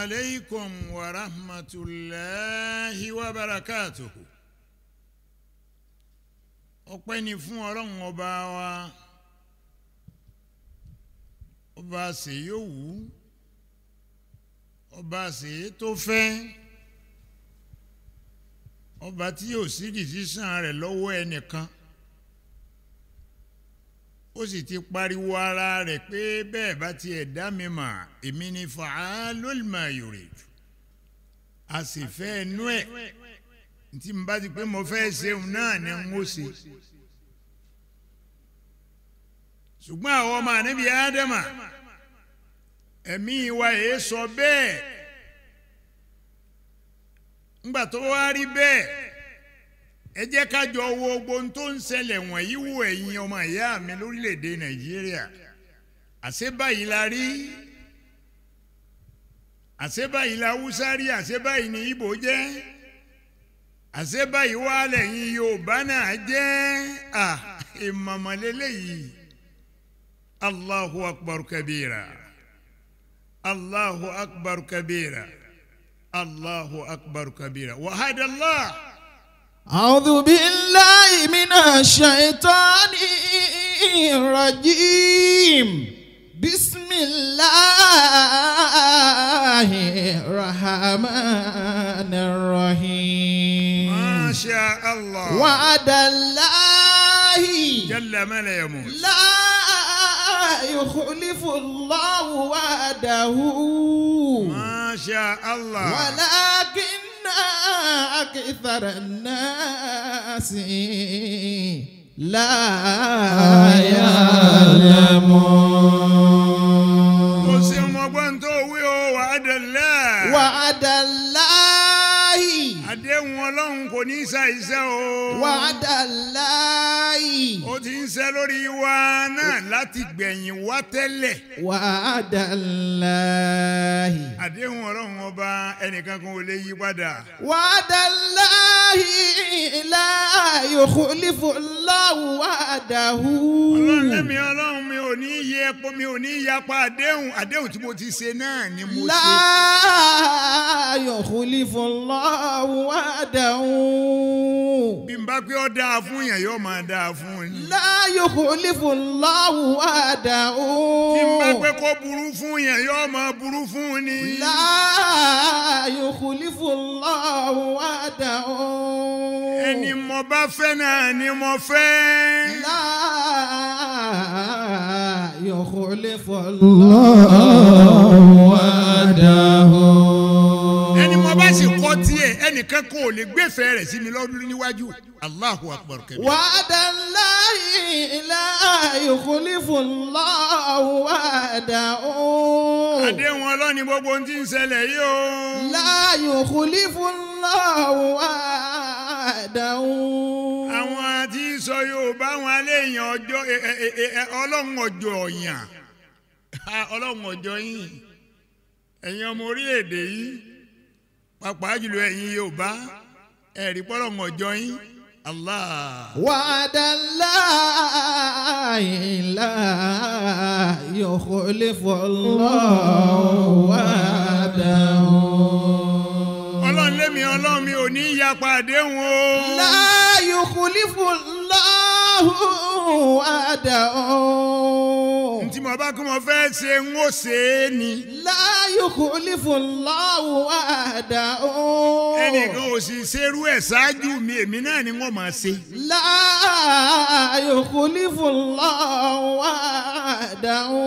عليكم ورحمة الله وبركاته ọpẹ́ ni fún ọlọ́run ọba wa ọba ṣèyówù ọba ṣèyí tó fẹ́ ọba tí yóò sí dìsísàn rẹ̀ lọ́wọ́ ẹnìkan ó sì ti pariwo ara rẹ̀ pé bẹ́ẹ̀ bá tiẹ̀ dá mi mà èmi ni fa'alul ma yurid a sì fẹ́ ẹnu ẹ̀ tí n bá ti pé mo fẹ́ ṣeun náà ni n ó ṣe ṣùgbọ́n àwọn ọmọ ànábì ádámà ẹ̀mí wa èé sọ bẹ́ẹ̀ ńgbà tó wá rí bẹ́ẹ̀ ẹ jẹ́ ká jọ wo gbogbo ohun tó ń ṣẹlẹ̀ wọ̀nyí wo ẹ̀yin ọmọ ìyá mi lórílẹ̀‐èdè nàìjíríà àṣé báyìí la rí àṣé báyìí la haúsá rí àṣé ni ìbò jẹ́ àṣé báyìí lẹ́yìn yorùbá náà jẹ́ à ìmọ̀mọ̀lélẹ́yìí allahu akbar kabira allahu akbar kabira allahu akbar kabira wàhádàlá. أعوذ بالله من الشيطان الرجيم بسم الله الرحمن الرحيم ما شاء الله وعد الله جل ما لا يموت لا يخلف الله وعده ما شاء الله ولكن أكثر الناس لا يعلمون مسلم وبنتو وعد الله وعد الله àdéhùn ọlọ́run kò ní ṣàìṣe o yìí. ó ti ń ṣe lórí wa náà láti gbẹ̀yìn wá tẹ́lẹ̀. wà á dà láàyè. àdéhùn ọlọ́run ọba ẹnìkan kan ò lè yí padà. wà á dà láàyè láàyè òkúlífò láwù wà á dà hù. ọlọ́run lẹ́mi ọlọ́run mi ò ní yẹ epo mi ò ní yapa àdéhùn àdéhùn tí mo ti ṣe náà ni mo ṣe. láàyè òkúlífò láwù wà á dà hù. bí n bá pé ó dáa fún yẹn yóò máa dáa fún un ni. láyò kò lè fò láwù àdá o. tí n bá pẹ́ kó burú fún yẹn yóò máa burú fún ni. láyò kò lè láwù àdá o. ẹni mo bá fẹ́ náà ni mo fẹ́. láyò kò lè láwù àdá o ẹnìkan kò lè gbèsè rẹ̀ sí mi lọ́dún níwájú Allahu akbar kẹbi. wàdà láyé la yukhlifu Allahu wàdà o. àdéhùn ọlọ́ni gbogbo ti ń ṣẹlẹ̀ yìí o. la yukhlifu Allahu wàdà o. àwọn àti sọ Yorùbá wọn alẹ́ èèyàn ọjọ́ ọlọ́run ọjọ́ ọ̀yàn ọlọ́run ọjọ́ yìí ẹ̀yin ọmọ orílẹ̀-èdè yìí pàápàá jùlọ ẹ̀yin Yorùbá ẹ̀rí pọ́lọ̀ ọ̀jọ́ yín Allah. wàdàláì la yukhlifu Allahu wa'dahu. ọlọ́run lémi ọlọ́run mi ò ní yapa àdéhùn o. la yukhlifu Allahu láhùn àdàó. ntí mo bá kí mo fẹ́ ṣe ń ó ṣe é ni. láyò kò lè fún láhùn àdàó. ẹnìkan ò sì ṣerú ẹ̀ ṣáájú mi èmi náà ni wọ́n máa ṣe. láyò kò lè fún láhùn àdàó.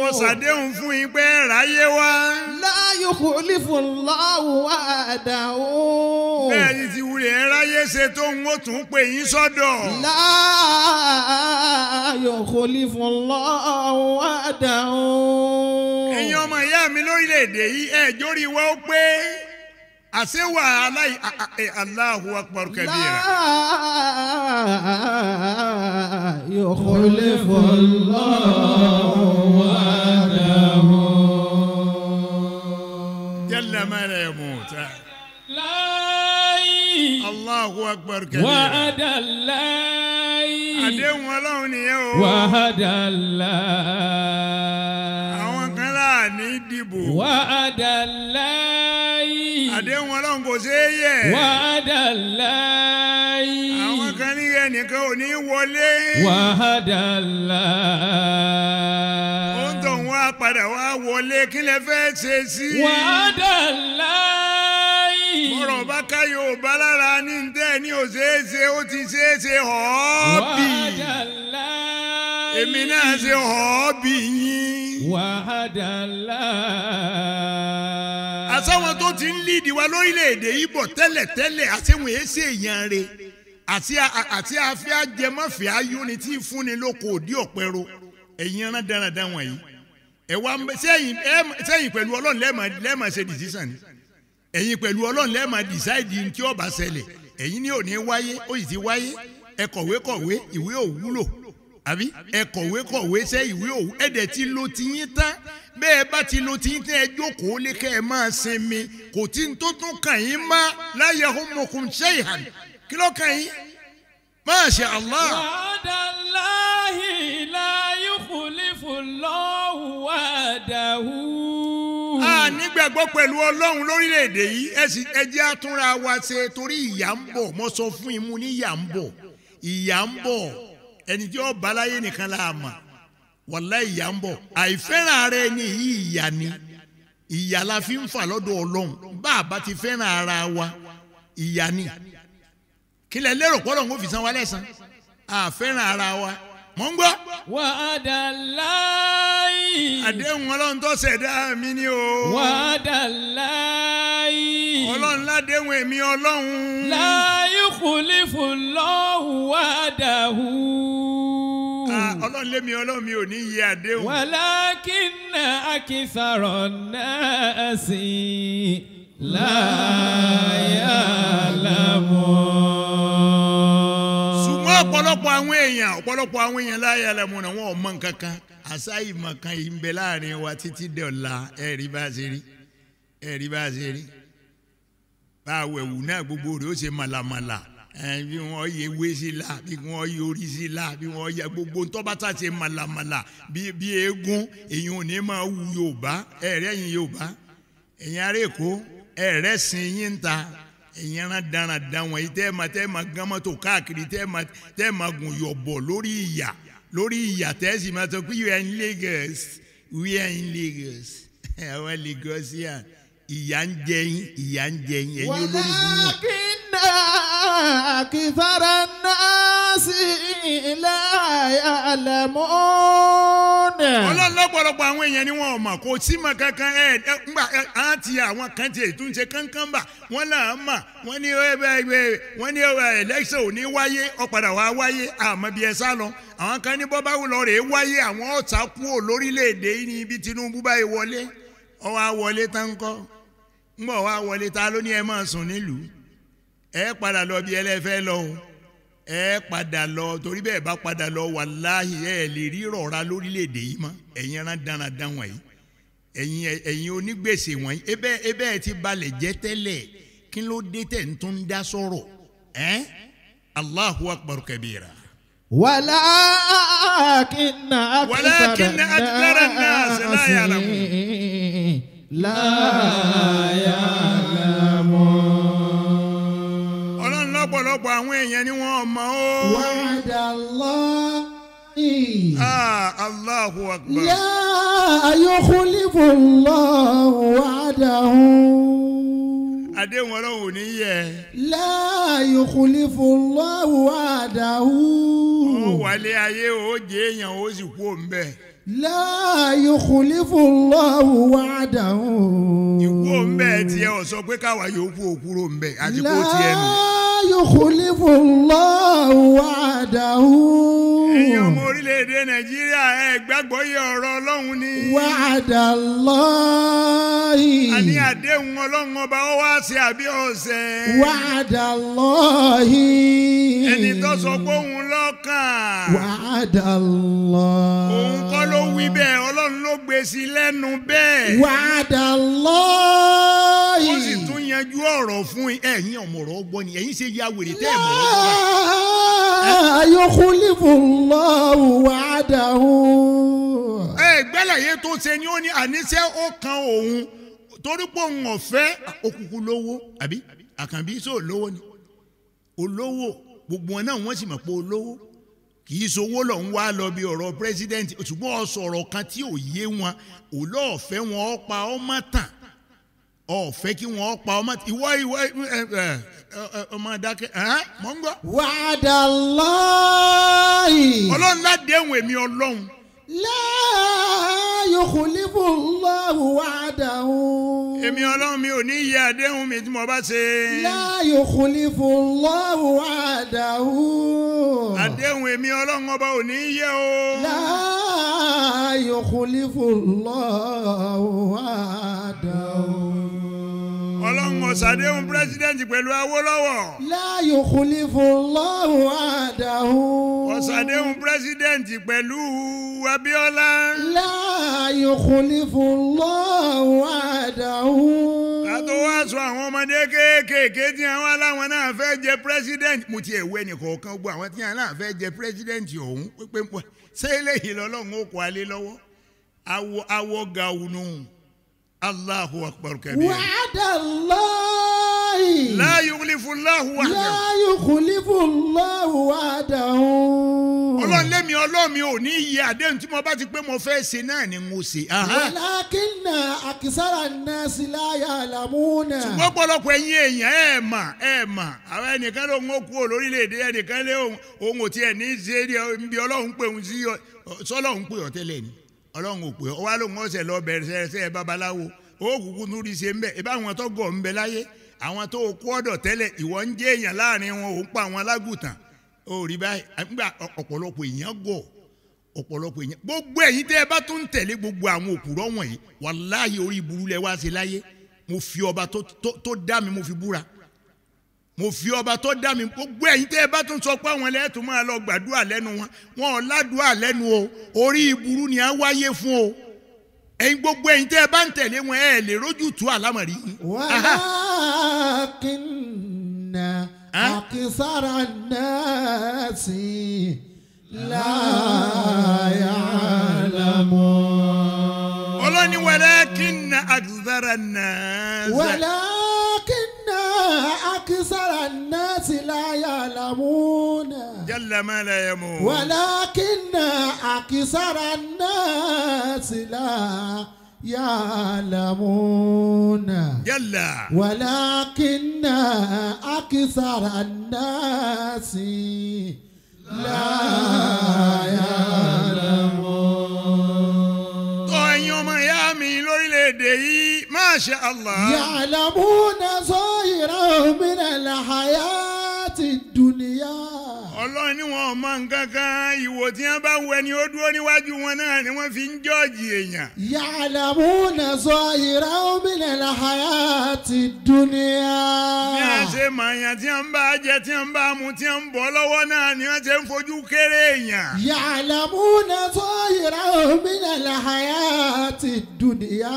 mo ṣàdéhùn fún yín pé ráyé wá. láyò yàkúlífù lọ́wọ́ àdáwò. bẹ́ẹ̀ni ti wulẹ̀ ẹ ráyé ṣe tó ń wò tún pé yín sọ́dọ̀. láàyò kúlífù lọ́wọ́ àdáwò. ẹ̀yin ọmọ ìyá mi lórílẹ̀‐èdè yìí ẹ̀ jórí wa ó pé àṣewà aláì Allahu akbar kabira. láàyò kúlífù lọ́wọ́. يموت الله أكبر كبير وعد الله أدين ولو نيو وعد الله أوان كلا ندبو وعد الله أدين ولو كوزي وعد الله أوان كان ينكو ني ولي وعد الله padà wá wọlé kí lẹ fẹ́ ṣe sí. wàdà láì. ọ̀rọ̀ bá ká yorùbá lára ní tẹ́ ní òṣèṣe ó ti ṣeéṣe ọ̀ọ́bì. wàdà láì. èmi náà ṣe ọ̀ọ́bì yín. wàdà láì. àsáwọn tó ti ń lídìí wa lórílẹ̀‐èdè Ìgbò tẹ́lẹ̀tẹ́lẹ̀ àṣewọ̀n èé ṣe èèyàn rẹ̀ àti àti àfíà jẹmọ́fíà unity fúnni lóko òdì ọ̀pẹ̀rọ ẹ̀yin rán dáradára wọ̀nyí ẹ wá sẹ́yìn sẹ́yìn pẹ̀lú ọlọ́run lẹ́ẹ̀ma lẹ́ẹ̀ma ṣe decision ni ẹ̀yin pẹ̀lú ọlọ́run lẹ́ẹ̀ma decide tí ó bá ṣẹlẹ̀ ẹ̀yin ni ò ní wáyé ó sì ti wáyé ẹ kọ̀wé kọ̀wé ìwé ò wúlò àbí ẹ kọ̀wé kọ̀wé ṣe ìwé ò ẹ dẹ̀ ti lo tiyín tán bẹ́ẹ̀ bá ti lo tiyín tán ẹ jókòó lé kẹ́ ẹ máa sinmi kò tí ń tó tún kàn yín má láyé ọmọkùn ṣẹ́yìn kí ló kàn yín máa ṣe Allah. wàdà láhìlá. Allahu wahdahu. a nígbàgbọ́ pẹ̀lú ọlọ́run lórílẹ̀‐èdè yìí ẹ jẹ́ àtúnra wa ṣe torí ìyà ń bọ̀ mo sọ fún imú ní ìyà ń bọ̀ ìyà ń bọ̀ ẹni tí ó balaye nìkan la mà wàlá ìyà ń bọ̀ àìfẹ́ràn ara ẹni yìí ìyà ni ìyà la fi ń fà lọ́dọ̀ ọlọ́run bá a bá ti fẹ́ràn ara wa ìyà ni kílẹ̀ lérò pọ́lọ́ ń kó fi san wa lẹ́san àfẹ́ràn ara wa mọ̀ ń gbọ́. wàdà láàyè. àdéhùn ọlọ́run tó ṣẹ̀dá mi ni o. wàdà láàyè. ọlọ́run ládéhùn èmi ọlọ́run. láyé kùlífù lọ́hùn wàdà hù. ọlọ́run lémi ọlọ́run mi ò ní yẹ àdéhùn. wàlákìnnà akísàrọ̀ náà sí i láyàlámọ́ ọ̀pọ̀lọpọ̀ àwọn èèyàn ọ̀pọ̀lọpọ̀ àwọn èèyàn láyé alamuna wọn ò mọ nǹkan kan àṣà ìmọ̀ kan yìí ń bẹ láàrin wa títí dọ̀la ẹ̀rí bá ṣe rí ẹ̀rí bá ṣe rí bá a wẹ̀wù náà gbogbo rẹ̀ ó ṣe màlàmàlà bí wọ́n yẹ ewé sí la bí wọ́n yẹ orí sí la bí wọ́n yẹ gbogbo ntọ́bátà ṣe màlàmàlà bí eégún èyàn ò ní máa wù Yorùbá ẹ̀rẹ́ yín Yorùbá ẹ̀yìn ará Èkó ẹ̀rẹ́ sin yín ta ẹ̀yẹ́rán darandan wọ̀nyí tẹ́ ẹ̀ ma tẹ́ gánmọ́tò káàkiri tẹ́ ẹ̀ gùn yọ̀bọ̀ lórí ìyà lórí ìyà tẹ́ ẹ̀ sọ pé you are in Lagos we are in Lagos àwọn Lagosian ìyà ń jẹ ìyà ń jẹ yín ẹ̀yin olórí burúkú. wàlákì náà kì í fara náà sí ilé àyàlẹ̀ mọ́ nẹ̀. ọlọ́run lọ́pọ̀lọpọ̀ àwọn èèyàn ni wọn ò mọ̀ kò sí mọ̀ kankan ẹ̀ ńgbà àti àwọn kan ti ìtúnṣe kankan bà wọ́n náà mà wọ́n ní wọ́n ní election ò ní wáyé ọ̀padà wàá wáyé àmọ́ bí ẹ sá lọ àwọn kan ní bọ́bá wù lọ rèé wáyé àwọn ọ̀tá kúrò lórílẹ̀‐èdè ní ibi Tinubu báyìí wọlé ọwọ́ àwọlé tán kọ́ ńgbọ̀ wá wọlé ta ló ní ẹ máa sùn nílùú ẹ padà lọ bí ẹlẹ́fẹ́ lọ́hùn ẹ padà lọ torí bẹ́ẹ̀ bá padà lọ wàláhì ẹ lè rí rọ̀ra lórílẹ̀‐èdè yìí mọ́ ẹ̀yin ẹran dáradára wọ̀nyí ẹ̀yin ẹ̀yin onígbèsè wọ̀nyí ebẹ́ ebẹ́ ẹ ti balẹ̀ jẹ́ tẹ́lẹ̀ kí ló dé tẹ̀ ń tún dá sọ̀rọ̀ ẹ́ Allahu akpọ̀rọ̀ kabira. wàlá kìnnà àtúntàrà náà sí láyà lámú. láyà. ọ̀pọ̀lọpọ̀ àwọn èèyàn ni wọ́n mọ̀ ó. wàdà lọ. Ah, Allahu akbar. Yá ayọ́kùnlébò lọ wàdàhù. Àdéhùn ọlọ́run ò ní yẹ. Láàyò kò lè fò lọ́wọ́ àdáhù. Ó wálé ayé ó jẹ́ èèyàn ó sì kú òun bẹ́ẹ̀ la yukhlifu Allahu wa'dahu. ìkú òǹbẹ tiẹ ọ sọ pé káwa yòókù òkúrò ńbẹ àti kó tiẹ nù. la yukhlifu Allahu wa'dahu. ẹ̀yin ọmọ orílẹ̀-èdè nàìjíríà ẹ gbàgbọ́ yẹ ọ̀rọ̀ ọlọ́run ni. wa'dallahi. àní àdéhùn ọlọ́run ọba ó wá sí àbí ọ̀sẹ̀. wa'dallahi. ẹni tó sọ pé òun lọ́kàn. wa'dallahi. òun kọ́ ló ló wí bẹ́ẹ̀ ọlọ́run ló gbé sí lẹ́nu bẹ́ẹ̀. wàdà lọ́ọ̀yì. ó sì tún yanjú ọ̀rọ̀ fún ẹ̀yin ọ̀mọ̀rọ̀ ọgbọ́n ni ẹ̀yin ṣe ya wèrè tẹ́ ẹ̀ mọ̀ ọ́. ayọ̀kúnlẹ̀fù lọ́wọ́ wàdà o. ẹ gbẹ́lẹ̀yẹ tó ṣe ni ó ní àníṣe ó kan òun torí pé òun ọ̀fẹ́ òkùnkùn lówó àbí àkànbí sóò lówó ni olówó gbogbo wọn náà wọ́n sì mọ̀ pé olówó kì í sowó lọ wá lọ bí ọ̀rọ̀ pírẹsidẹ́ǹtì ṣùgbọ́n ọ sọ̀rọ̀ kan tí ò yé wọn òlọ́ọ̀fẹ́ wọn ọ pa ọmọ tàn ọ̀fẹ́ kí wọ́n pa ọmọ ìwọ ìwọ ọmọ dákẹ́ mọ̀ ń gbọ́. wàdà lọ́ọ̀yì. ọlọ́run ládéhùn èmi ọlọ́run. láàyò kò ní bò ń lọ wàdà o. èmi ọlọ́run mi ò ní yẹ àdéhùn mi tí mo bá ṣe. láàyò kò ní bò ń lọ wàdà o àdéhùn èmi ọlọ́run ọba ò ní yẹ o. la yukhlifu Allahu wa'dahu ọlọ́run ọ̀sàdéhùn pírẹ́sidẹ́ǹtì pẹ̀lú Awólọ́wọ̀. la yukhlifu Allahu wa'dahu. ọ̀sàdéhùn pírẹ́sidẹ́ǹtì pẹ̀lú Abíọ́lá. la yukhlifu Allahu wa'dahu. sọ àwọn ọmọdé kéékèèké tí àwọn aláwọn náà fẹ́ jẹ president mo ti ẹ̀wọ́ ẹnì kọ̀ọ̀kan gbọ́ àwọn tí àwọn náà fẹ́ jẹ president ọ̀hún pé ṣé eléyìí lọ́lọ́run ó kọ́ alé lọ́wọ́ awọ awọ gàùnù Allahu láyì. láyì kúlífù láhùn wà dàn. láyì kúlífù láhùn wà dàn. ọlọ́run lẹ́mi ọlọ́mi ò ní iye àdéhùn tí mo bá ti pé mo fẹ́ ṣe náà ni mo ṣe. wàlákìnà àkísára náà sí láyà làmúnà. ṣùgbọ́n ọ̀pọ̀lọpọ̀ ẹ̀yin èèyàn ẹ̀ mà ẹ̀ mà àwọn ẹnìkan ló ń kú lórílẹ̀‐èdè ẹnìkan lé òun ò tiẹ̀ ní í ṣe ọlọ́run pè òun sí ọlọ́run pè ọ́ ni ọlọ́run ò pè ọ́ wá lóun ọ̀sẹ̀ lọ bẹ̀rẹ̀ sẹ́ẹ̀ babaláwo ó kúkú núrí ṣe ń bẹ̀ ìbáwọn tó gọ̀ ń bẹ láyé àwọn tó kú ọ̀dọ̀ tẹ́lẹ̀ ìwọ ń jẹ́ èèyàn láàrin wọn ò ń pa àwọn alágùntàn ó rí báyìí nígbà ọ̀pọ̀lọpọ̀ èèyàn gọ̀ ọ̀pọ̀lọpọ̀ èèyàn gbogbo ẹ̀yin tẹ́ ẹ bá tún ń tẹ̀lé gbogbo àwọn òpùrọ̀ wọ̀nyí wàláhì orí burú lẹ wá sí láyé mo fi ọba tó dá mi mo fi búra mo fi ọba tó dá mi gbogbo ẹ̀yin tẹ́ ẹ bá tún sọ pé àwọn ẹlẹ́tùn máa lọ gbàdúrà lẹ́nu wọn wọn ò ládùúà lẹ́nu o orí ìburú ni á wáyé fún o ẹ̀yin gbogbo ẹ̀yin tẹ́ ẹ bá ń tẹ̀lé wọn ẹ lè rójú tú àlámọ̀rí. wàlákìnnà àkísàrà náà sí láyàlámọ́. ọlọ́ni wàlákìnnà àkísàrà náà sí. أكثر الناس لا يعلمون جل ما لا يموت ولكن أكثر الناس لا يعلمون جل ولكن أكثر الناس لا يعلمون شاء الله يعلمون ظاهرا من الحياة الدنيا ọlọ́run ni wọn ò mọ nǹkan kan ìwò tí wọ́n bá wẹ ni ó dúró níwájú wọn náà ni wọ́n fi ń jọ́ọ̀jì èèyàn. ya'lamuna zahiran minal hayati dunya. bí a ṣe mọ èèyàn tí wọ́n bá jẹ tí wọ́n bá mu tí wọ́n bọ́ lọ́wọ́ náà ni wọ́n ṣe ń fojú kéré èèyàn. ya'lamuna zahiran minal hayati dunya.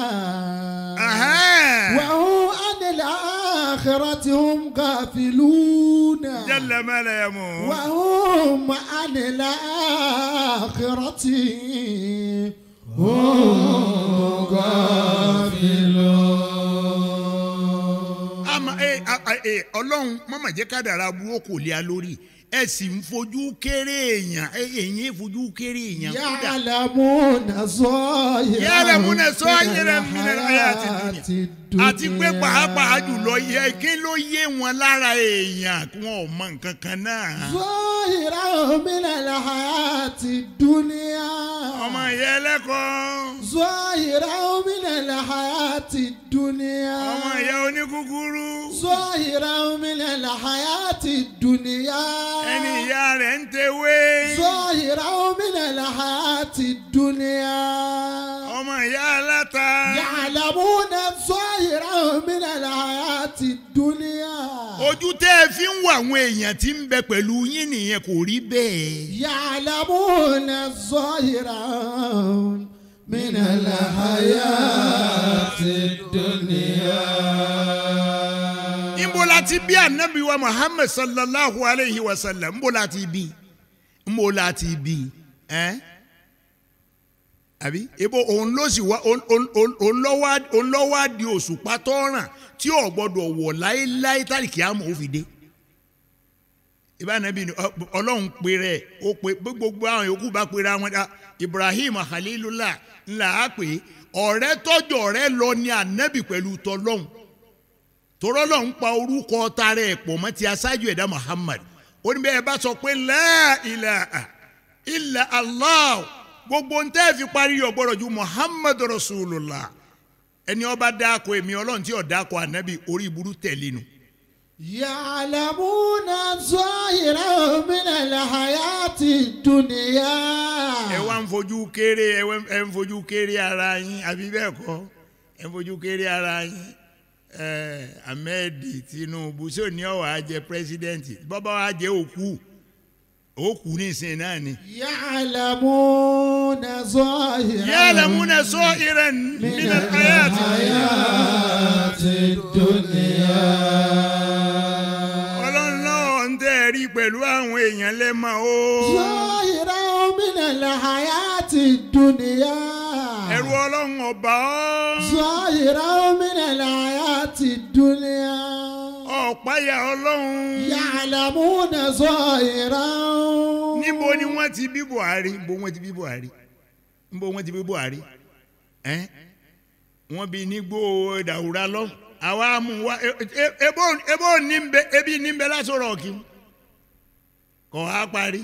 wàhùn àná. الآخرة هم غافلون جل ما لا يموت وهم عن الآخرة هم غافلون ama ẹ ẹ ọlọ́run mọ̀mọ́ jẹ́ ká dàrá buwọ́ kò lé a lórí ẹ sì ń fojú kéré èèyàn èyí fojú kéré èèyàn. yàrá mú na sọ yẹrẹ mú na sọ yẹrẹ mi nà ayé àti dùnìyà àti pé pàápàá jùlọ yẹ kí ló yé wọn lára èèyàn kí wọn ò mọ nǹkan kan náà. zọ́ọ̀hìrá òmìnira làhàyà ti dúníà. ọmọ ìyá ẹlẹ́kọ̀ọ́. zọ́ọ̀hìrá òmìnira làhàyà ti dúníà. ọmọ ìyá oníkúkúrú. zọ́ọ̀hìrá òmìnira làhàyà ti dúníà. ẹni ìyá rẹ̀ ń tewé. zọ́ọ̀hìrá òmìnira làhàyà ti dúníà. ọmọ ìyá aláta. yàrá mú náà zọ́ọ̀ òmìnira àti dúníà. ojú tẹ́ ẹ fi ń wo àwọn èèyàn tí ń bẹ pẹ̀lú yín nìyẹn kò rí bẹ́ẹ̀. yàrá mú na zọ yìrá minala haya ti dúníà. níbo la ti bí anabi wa muhammed sallallahu alayhi wa sallam níbo la ti bí níbo la ti bí Eh? àbí ibo òun ló sì wá òun ló wá di òṣùpá tọ́ràn tí ò gbọ́dọ̀ wọ̀ láéláé tálíkì àmọ́ ó fi dé ìbánabi ni ọlọ́run pe rẹ̀ ó pe gbogbo àwọn yòókù bá pe ra wọn Ibrahim Khalilullah ńlá á pè ọ̀rẹ́ tọ́jọ́ ọ̀rẹ́ lọ ní ànábì pẹ̀lú tọ́lọ́hún torọ́lọ́hún pa orúkọ tààrẹ ẹ̀pọ̀ mọ́ ti aṣáájú ẹ̀dá Muhammad ó ní bẹ́ẹ̀ bá sọ pé la ilaha illa Allah. gbogbo ń tẹ́ ẹ fi parí yọ gbọ́dọ̀ ju muhammadu rasulullah ẹni ọba dáko èmi ọlọ́run tí ó dáko ànábì orí ìburú tẹ̀lé nu. yàlámúnà zọ́yìnrà òmìnira làhàyà ti dùnìyà. ẹ wá ń fojú kéré ẹ ń fojú kéré ara yín àbí bẹ́ẹ̀ kọ́ ẹ ń fojú kéré ara yín ahmed tinubu sóní ọ̀wá jẹ pírẹsidẹ́ǹtì bọ́bá wa jẹ òkú. ó kù ní ìsìn náà ni. ya'lamuna zahiran. ya'lamuna zahiran min al-hayati dunya. ọlọ́run náà ń tẹ́ ẹ pẹ̀lú àwọn èèyàn lẹ́mọ o. zahiran min al-hayati dunya. ẹ̀rù ọlọ́run ọba. zahiran min al-hayati dunya. páyà ọlọ́run. yàlámúnà sọ ìran. níbo ni wọ́n ti bí Buhari níbo wọ́n ti bí Buhari níbo wọ́n ti bí Buhari ẹ́ wọ́n bí nígbó Dàwúrà lọ àwa mú wa e, e, ebó níbẹ̀ ebi níbẹ̀ lásòrò ọ̀kì kọ̀ á parí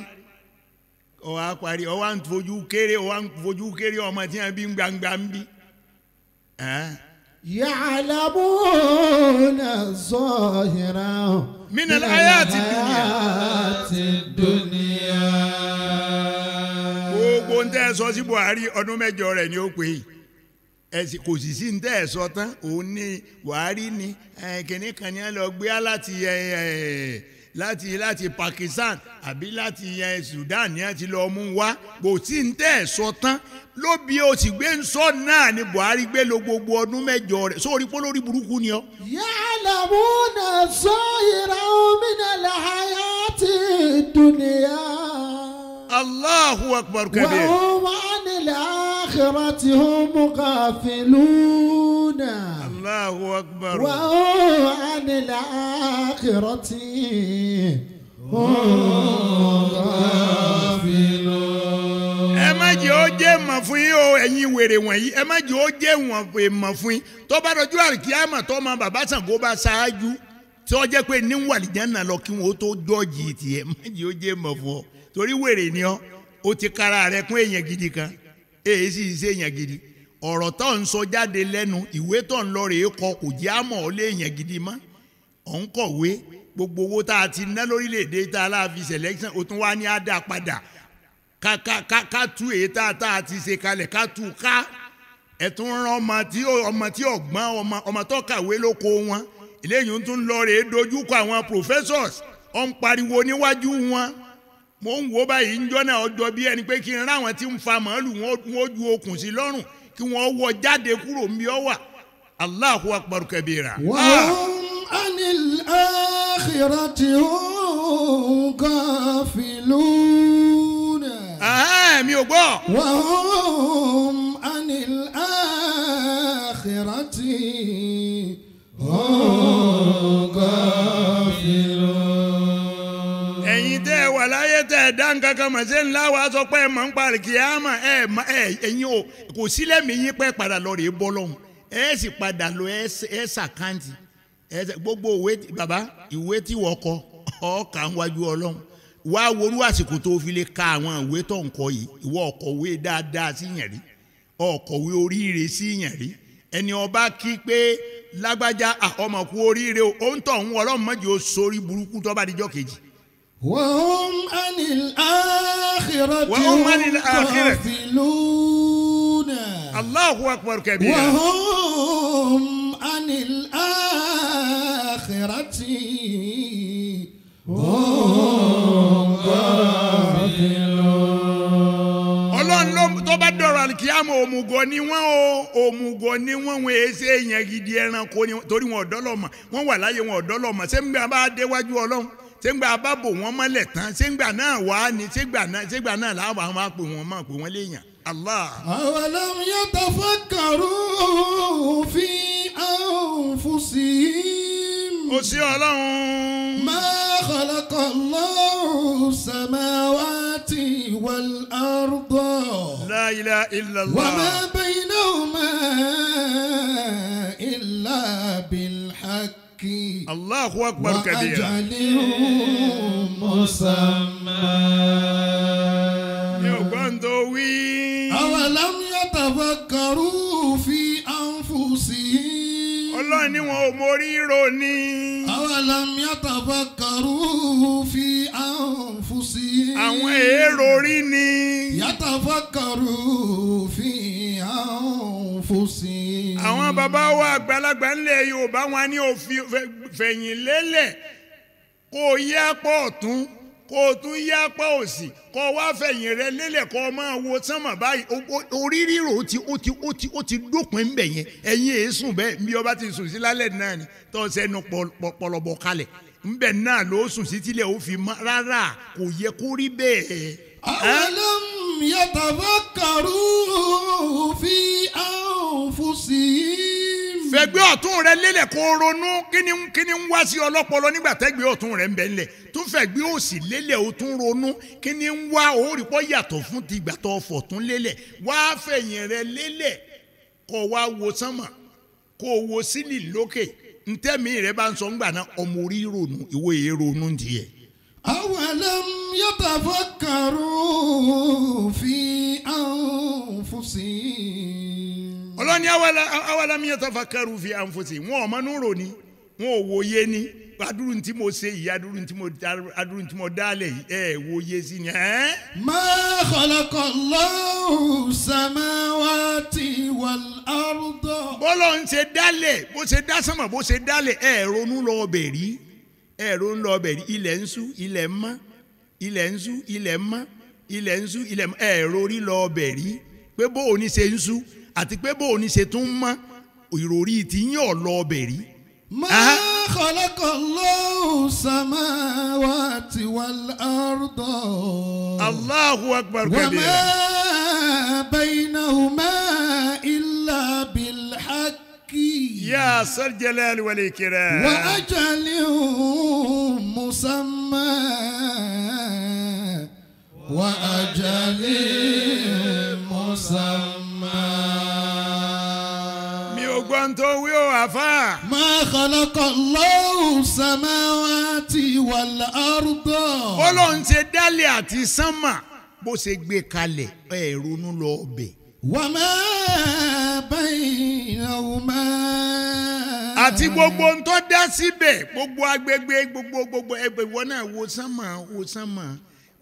kọ̀ á parí ọ̀ wá ń fojú kéré ọ̀ wá ń fojú kéré ọmọ tí wọ́n bí gbangba ń bí. يعلمون ظاهرا من الآيات الدنيا gbogbo ń ẹ sọ sí Buhari ọdún mẹ́jọ rẹ̀ ni ó pè é kò sì sí ń ẹ sọ tán òun ni Buhari ni ni ẹ lọ gbé láti láti láti Pakistan àbí láti yẹn Sudan ni wọ́n ti lọ mú wá kò tí ń tẹ̀ sọ tán lóbi o sì gbé ń sọ náà ni Buhari gbé lo gbogbo ọdún mẹ́jọ rẹ̀ sórí polórí burúkú ni ọ. yàlàbù náà sọ ìrà omi náà làhàyà ti dùnìyà. Allahu akbar kabir. wàhùn wà nílẹ̀ á akhirati hum ghafiluna. Allahu akbar. wa anil akhirati hum ghafiluna. ẹ má jẹ́ ó jẹ́ mọ̀ fún yín o ẹ̀yin wèrè wọ̀nyí ẹ má jẹ́ ó jẹ́ wọ̀n mọ̀ fún yín tó bá dojú àríkíámà tó ma bàbá Ṣàngó bá ṣáájú tí wọ́n jẹ́ pé níwàlìjẹ́ náà lọ kí wọ́n tó dọ́ọ̀jì tiẹ̀ má jẹ́ ó jẹ́ mọ̀ fún ọ torí wèrè ni ọ ó ti kára rẹ kún èèyàn gidi kan èyí sì ṣe èèyàn gidi ọ̀rọ̀ tó ń sọ jáde lẹ́nu ìwé tó ń lọ rèé kọ kò jẹ́ àmọ́ ọ lé èèyàn gidi mọ́ ọ̀ ń kọ̀wé gbogbo owó tá a ti ná lórílẹ̀‐èdè tá a láàfin selection ó tún wá ní àdá padà ká tú èyí tá a ti ṣe kalẹ̀ ká tú ká ẹ̀ tún rán ọmọ tí ọmọ tí ọ̀gbọ́n ọmọ tó kàwé lóko wọn eléyìí tún lọ rèé dojúkọ àwọn professors ọ̀ ń pariwo níwájú wọn mo ń wo báyìí njọ́ náà ọjọ́ bí ẹni pé kí n ráwọn tí ń fa màálù wọn ó ju okùn sí lọ́rùn kí wọ́n wọ jáde kúrò ń bí ọ wà Allahu akbar kabira. wọ́n ah! anil akhirati hum gafilun. mi ò gbọ́. wọ́n anil akhirati hum. láyé tẹ ẹ̀ dá ma kan ṣé ńlá sọ pé ẹ̀ ń parí kì ẹ o kò sílẹ̀ mi yín pẹ́ padà lọ rèé bọ́ lọ́hùn padà lọ ẹ̀ gbogbo ìwé bàbá ìwé tí wọ́n kọ ọ̀ọ́kà ń wájú àwọn ìwé yìí ìwọ dáadáa sí rí sí rí ẹni ọba lágbájá ọmọkú oríire ó ń وهم عن الآخرة وهم عن الآخرة غافلون الله أكبر كبير وهم عن الآخرة هم غافلون ọlọ́run tó bá dọ̀rọ̀ àlìkíyàmọ̀ òmùgọ̀ ni wọ́n o òmùgọ̀ ni wọ́n wọ́n èsè èèyàn gidi ẹranko torí wọn ọ̀dọ́ lọ́mọ wọ́n wà láyé wọn ọ̀dọ́ lọ́mọ sẹ́mi bá a déwájú ọlọ́run ṣéǹgbà bá bò wọ́n mọ́lẹ̀ tán ṣéǹgbà náà wà ní ṣéǹgbà náà ṣéǹgbà náà làwọn àwọn máa pè wọ́n máa pè wọ́n léèyàn. Allah. awalam yatafakkaru fi anfusihim. ó sí ọlọ́run. ma khalaqa Allahu samawati wal arda. la ilaha illallah. wa ma baynahuma illa bilhaq. الحق الله أكبر كبير وأجله مسمى أولم يتفكروا في أنفسهم ọlọ́run ni wọn ò mórí rò ni. awalam yatafakkaru fi anfusihim. àwọn èrò rí ni. yatafakkaru fi anfusihim. àwọn bàbá wa àgbàlagbà ńlẹ̀ Yorùbá wọn ni ò fẹ̀yìn lélẹ̀ kó yẹ pọ̀ tún. kó o tún yá apá òsì kó o wá fẹ̀yìn rẹ lélẹ̀ kó o máa wo sánmà báyìí orí rírò ti ó ti ó ti ó ti dópin ń bẹ̀ yẹn ẹ̀yin èésùn bẹ́ẹ̀ bí ọba ti sùn sí lálẹ́ náà ni tó sẹ́nu pọlọbọ kalẹ̀ náà ló sùn sí tílẹ̀ ó fi rárá kò yẹ kó rí bẹ́ẹ̀. fi fẹ̀gbẹ́ ọ̀tún rẹ lélẹ̀ kó ronú kíni kíni ń wá sí ọlọ́pọlọ nígbà tẹ́gbẹ́ ọ̀tún rẹ ń bẹ ńlẹ̀ tún fẹ̀gbẹ́ òsì lélẹ̀ o ronú kíni ń wá òórìpọ̀ yàtọ̀ fún ti ìgbà tó ọ̀fọ̀ lélẹ̀ wá fẹ̀yìn rẹ lélẹ̀ kó wá wo sánmà kó wo sílì lókè ntẹ́mi rẹ bá ń sọ ńgbà náà ọmọ orí ronú ìwé yẹn ronú ọlọ́ni awalam yatafakkaru fi anfusihim wọn ọmọ ní rò wọn ò wòye ní adúrú tí mo ṣe yìí adúrú tí mo adúrú tí mo dálẹ̀ yìí ẹ wòye sí ni. ma khalaqa Allahu samawati wal arda. bọ́lá ń ṣe dálẹ̀ bó ṣe dá sánmà bó ṣe dálẹ̀ ẹ ronú lọ bẹ̀ rí ẹ ronú lọ bẹ̀ rí ilẹ̀ ń sú ilẹ̀ ń mọ́ ilẹ̀ ń sú ilẹ̀ ń mọ́ ilẹ̀ ń sú ilẹ̀ ń mọ́ ẹ rorí lọ bẹ̀ rí pé bó o ní ṣe ń sú àti pé bó o ní ṣe tún mọ́ ìròrí ti yín ọ̀lọ́ ọbẹ̀ rí. máa kọ́lọ́kọ́ lọ́hùn sàmà wá ti wà lárúdọ̀. Allahu akbar kabira. wà máa bẹ̀yìnà ọmọ ilà bilhaki. yà sọ́r jalal wal ikram. wà á jàlè musamman. وأجل مسمى mi ò gbọ́ ń tó wí ó àfà. ما خلق الله السماوات والأرض. ó lóun ṣe dálẹ̀ àti sánmà bó ṣe gbé kalẹ̀ ẹ̀ ronú lọ ọbẹ̀. وما بينهما. àti gbogbo ń tó dá síbẹ̀ gbogbo agbègbè gbogbo gbogbo ẹgbẹ̀wọ́ náà wo sánmà wo sánmà.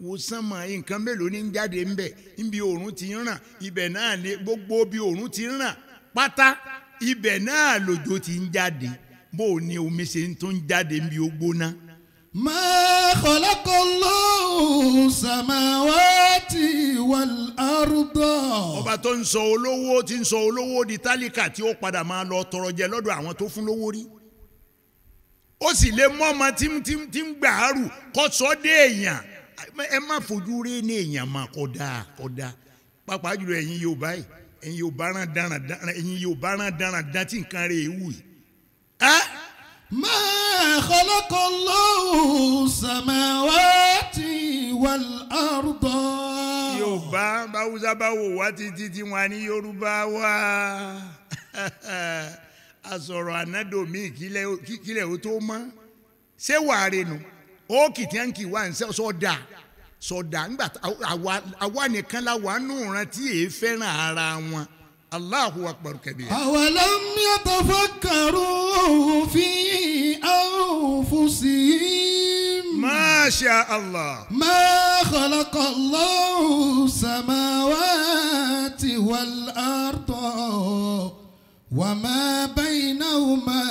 wo sánmà nǹkan mélòó ní jáde ńbẹ níbi òòrùn ti ń ràn ibẹ̀ náà ni gbogbo bí òòrùn ti ń ràn pátá ibẹ̀ náà lòjò ti ń jáde bó o ní omi ṣe ń tún jáde níbi ó gbóná. ma khalaqa Allahu samawati wal arda. ọba tó ń sọ olówó ti ń sọ olówó di tálíkà tí ó padà máa lọ tọrọ jẹ lọ́dọ̀ àwọn tó fún lówó rí ó sì lè mọ́ ọmọ tí ń gbàárù kó sọ dé èèyàn ẹ má fojú rí ní èèyàn mà kódà kódà pàápàá jùlọ ẹ̀yin Yorùbá yìí ẹ̀yin Yorùbá rán dáran dáran ẹ̀yin Yorùbá rán dáran dán tí nǹkan rẹ̀ ewu yìí. ma khalaqa Allahu samawati wal arda. Yorùbá báwùsá báwo wá títí tí wọn ní Yorùbá wá a sọ̀rọ̀ ànádòmí kílẹ̀ ó tó mọ́ ṣé wàá rẹ̀ nù. No? ó kì tí ń kì wá ń sẹ́ sọ́dà sọ́dà ńgbà àwa nìkan la wà nù rántí èé fẹ́ràn ara wọn Allahu akbar kabir. awalam yatafakkaru fi anfusihim. masha Allah. ma khalaqa Allahu samawati wal arda wa ma baynahuma.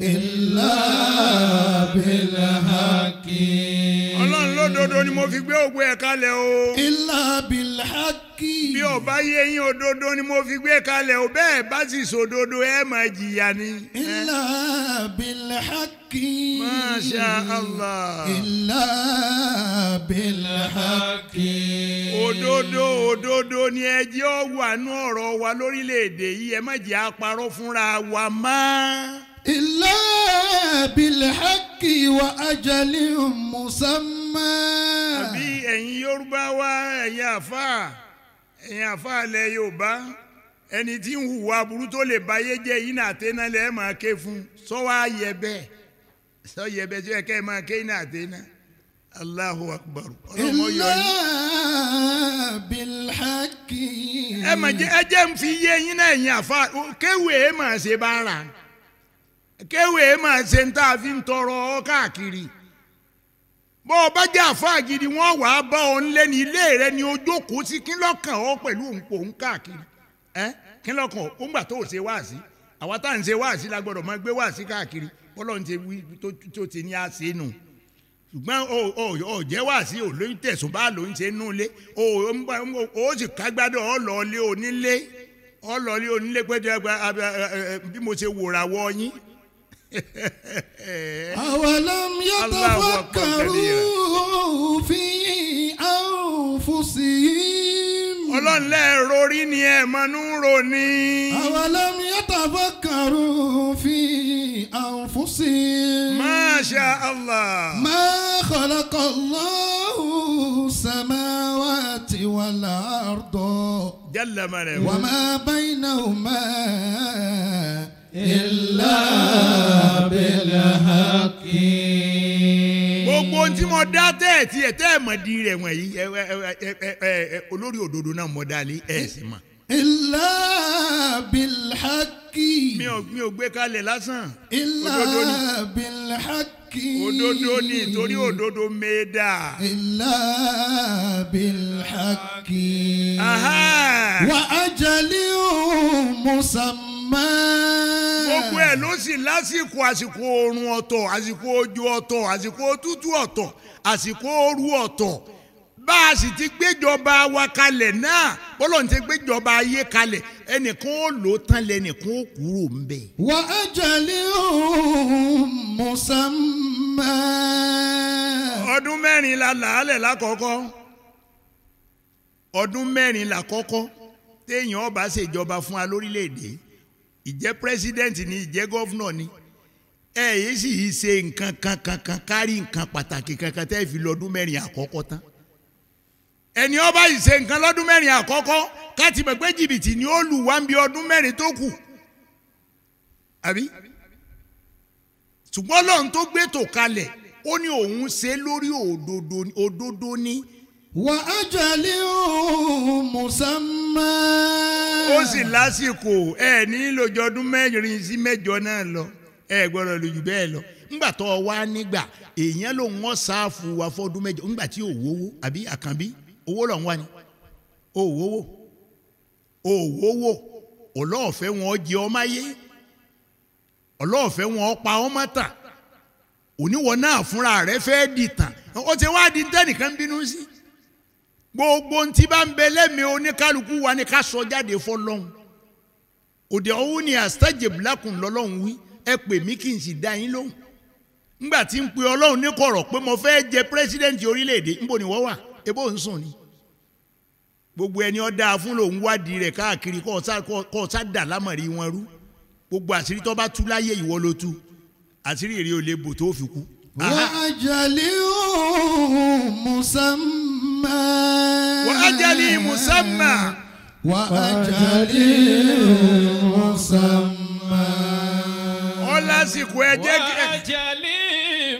Ilá bílá hákì. Ọlọ́run ni mo fi gbé ògbó ẹ̀ kalẹ̀ o. Ilá bílá hákì. Bí ó bá yé yín òdodo ni mo fi gbé kalẹ̀ o, bẹ́ẹ̀ bá sì sòdodo ẹ̀ máa jìyà ni. Ilá bílá hákì. Masha Allah. Ilá bílá hákì. Òdodo òdodo ni ẹ jẹ́ ó wà ọ̀rọ̀ wa lórílẹ̀‐èdè yìí, ẹ má jẹ́ àparọ́ fúnra wa máa. إلا بالحق وأجل مسمى أبي ẹ̀yin يربى wa ẹ̀yin àfáà ẹ̀yin àfáà lẹ Yorùbá ẹni tí ń hùwà burú tó lè báyé jẹ́ yìí náà tẹ́ná lẹ́ẹ̀ máa ké fún sọ́wọ́ ayẹ bẹ́ẹ̀ sọ́yẹ bẹ́ẹ̀ tó yẹ kẹ́ ẹ máa ké náà tẹ́ná Allahu Akbar ọlọ́mọ yọ yín. ẹ mà jẹ́ ẹ jẹ́ ń fi yé yín náà ẹ̀yin àfáà kéwèé màá ṣe bá rà kéwèé máa ṣe ń tá a fi ń tọrọ ọ káàkiri bọ́ ọ bá jẹ́ àfáà gidi wọ́n wàá bá ọ nílé ní ilé rẹ ni o jókòó sí kí lọ́kàn ọ pẹ̀lú òǹpò ń káàkiri ẹ kí lọ́kàn ó ń gbà tó ṣe wáàsí àwa tá à ń ṣe wáàsí la gbọ́dọ̀ máa gbé wáàsí káàkiri bọ́lọ́run ti wí tó ti ní àṣẹ nù ṣùgbọ́n o jẹ́ wáàsí ò ló ń bá ló ń ṣe nù lé o sì kágbádọ́ ọ lọ́ọ́lé onílé ọ lọ́ọ́lé onílé pé bí mo ṣe wòrà yín أولم يتفكروا في أنفسهم ọlọ́run lẹ́ẹ̀rọ rí ni ẹ̀ mọ́nú rò ní. أولم يتفكروا في أنفسهم. ما شاء الله. ما خلق الله السماوات والأرض. جل ملك. وما بينهما illa bil haqqi. gbogbo ohun tí mo dá tẹ́ ẹ̀ tí ẹ̀ tẹ́ ẹ̀ mọ̀ di rẹ̀ wọ̀nyí olórí òdodo náà mo dá ẹ̀ sì mọ̀. illa bil haqqi. mi ò mi ò gbé kalẹ̀ lásán. illa bil haqqi. òdodo ni torí òdodo méda. illa bil haqqi. wa ajali musamman mọ́. gbogbo ẹ̀ ló sì lásìkò àsìkò oorun ọ̀tọ̀ àsìkò òjò ọ̀tọ̀ àsìkò òtútù ọ̀tọ̀ àsìkò ooru ọ̀tọ̀ bá a sì ti gbéjọba wa kalẹ̀ náà bọ́lọ̀ ti gbéjọba ayé kalẹ̀ ẹnìkan ó lò ó tán lẹ́nìkan ó kúrò ń bẹ̀. wà á jẹ̀lé òun mùsàmá. ọdún mẹ́rin la làálẹ̀ lákọ̀ọ́kọ́ ọdún mẹ́rin làkọ́kọ́ téèyàn ọba ṣèjọba fún wa lórílẹ̀‐èdè ìjẹ́ pírẹsidẹ́ǹtì ni ìjẹ́ gọ́fúnà ni ẹ yìí sì yìí ṣe nǹkan kan kan kan kárí nǹkan pàtàkì kankan tẹ́ fi lọ́dún mẹ́rin àkọ́kọ́ tán ẹni ọba yìí ṣe nǹkan lọ́dún mẹ́rin àkọ́kọ́ káti mọ̀ pé jìbìtì ni ó lù wá ń bi ọdún mẹ́rin tó kù àbí ṣùgbọ́n lọ́run tó gbé tò kalẹ̀ ó ní òun ṣe lórí òdodo ni. Òdodo ni وأجل ó sì lásìkò ẹ nílò jọdún mẹrin sí mẹjọ náà lọ ẹ gbọdọ lójú bẹẹ lọ ńgbà tó wá nígbà èèyàn ló ń wọ́n sáàfù wa fọ́dún mẹ́jọ ńgbà tí ò àbí àkànbí owó wá ni ọmọ ayé ọlọ́ọ̀fẹ́ wọn pa ọmọ tà náà fúnra gbogbo ntí bá ń bẹ lẹ́mìí oníkálukú wa ni ká sọ jáde fọlọ́hún òde ọ̀hún ni àstájèb lákùn lọ́lọ́hún wí ẹ pè mí kí n sì dá yín lóhùn ngbà tí ń pe ọlọ́hún ní kọ̀rọ̀ pé mo fẹ́ jẹ pírẹ́sídẹ́ǹtì orílẹ̀-èdè ńbò ni wọ́n wà ebó ń sùn ni gbogbo ẹni ó fún lòun wádìí rẹ̀ káàkiri kọ́ ọ̀sá dà lámọ̀rí wọn rú gbogbo àṣírí tó bá tú láyé ìwọ ló tú àṣírí èrè ò lè bò tó fi kú. wàá jẹ̀lé òun mùsàmù. مسمى وأجل مسمى وأجل مسمى ọlásìkò ẹ jẹ́ kí. wàjálì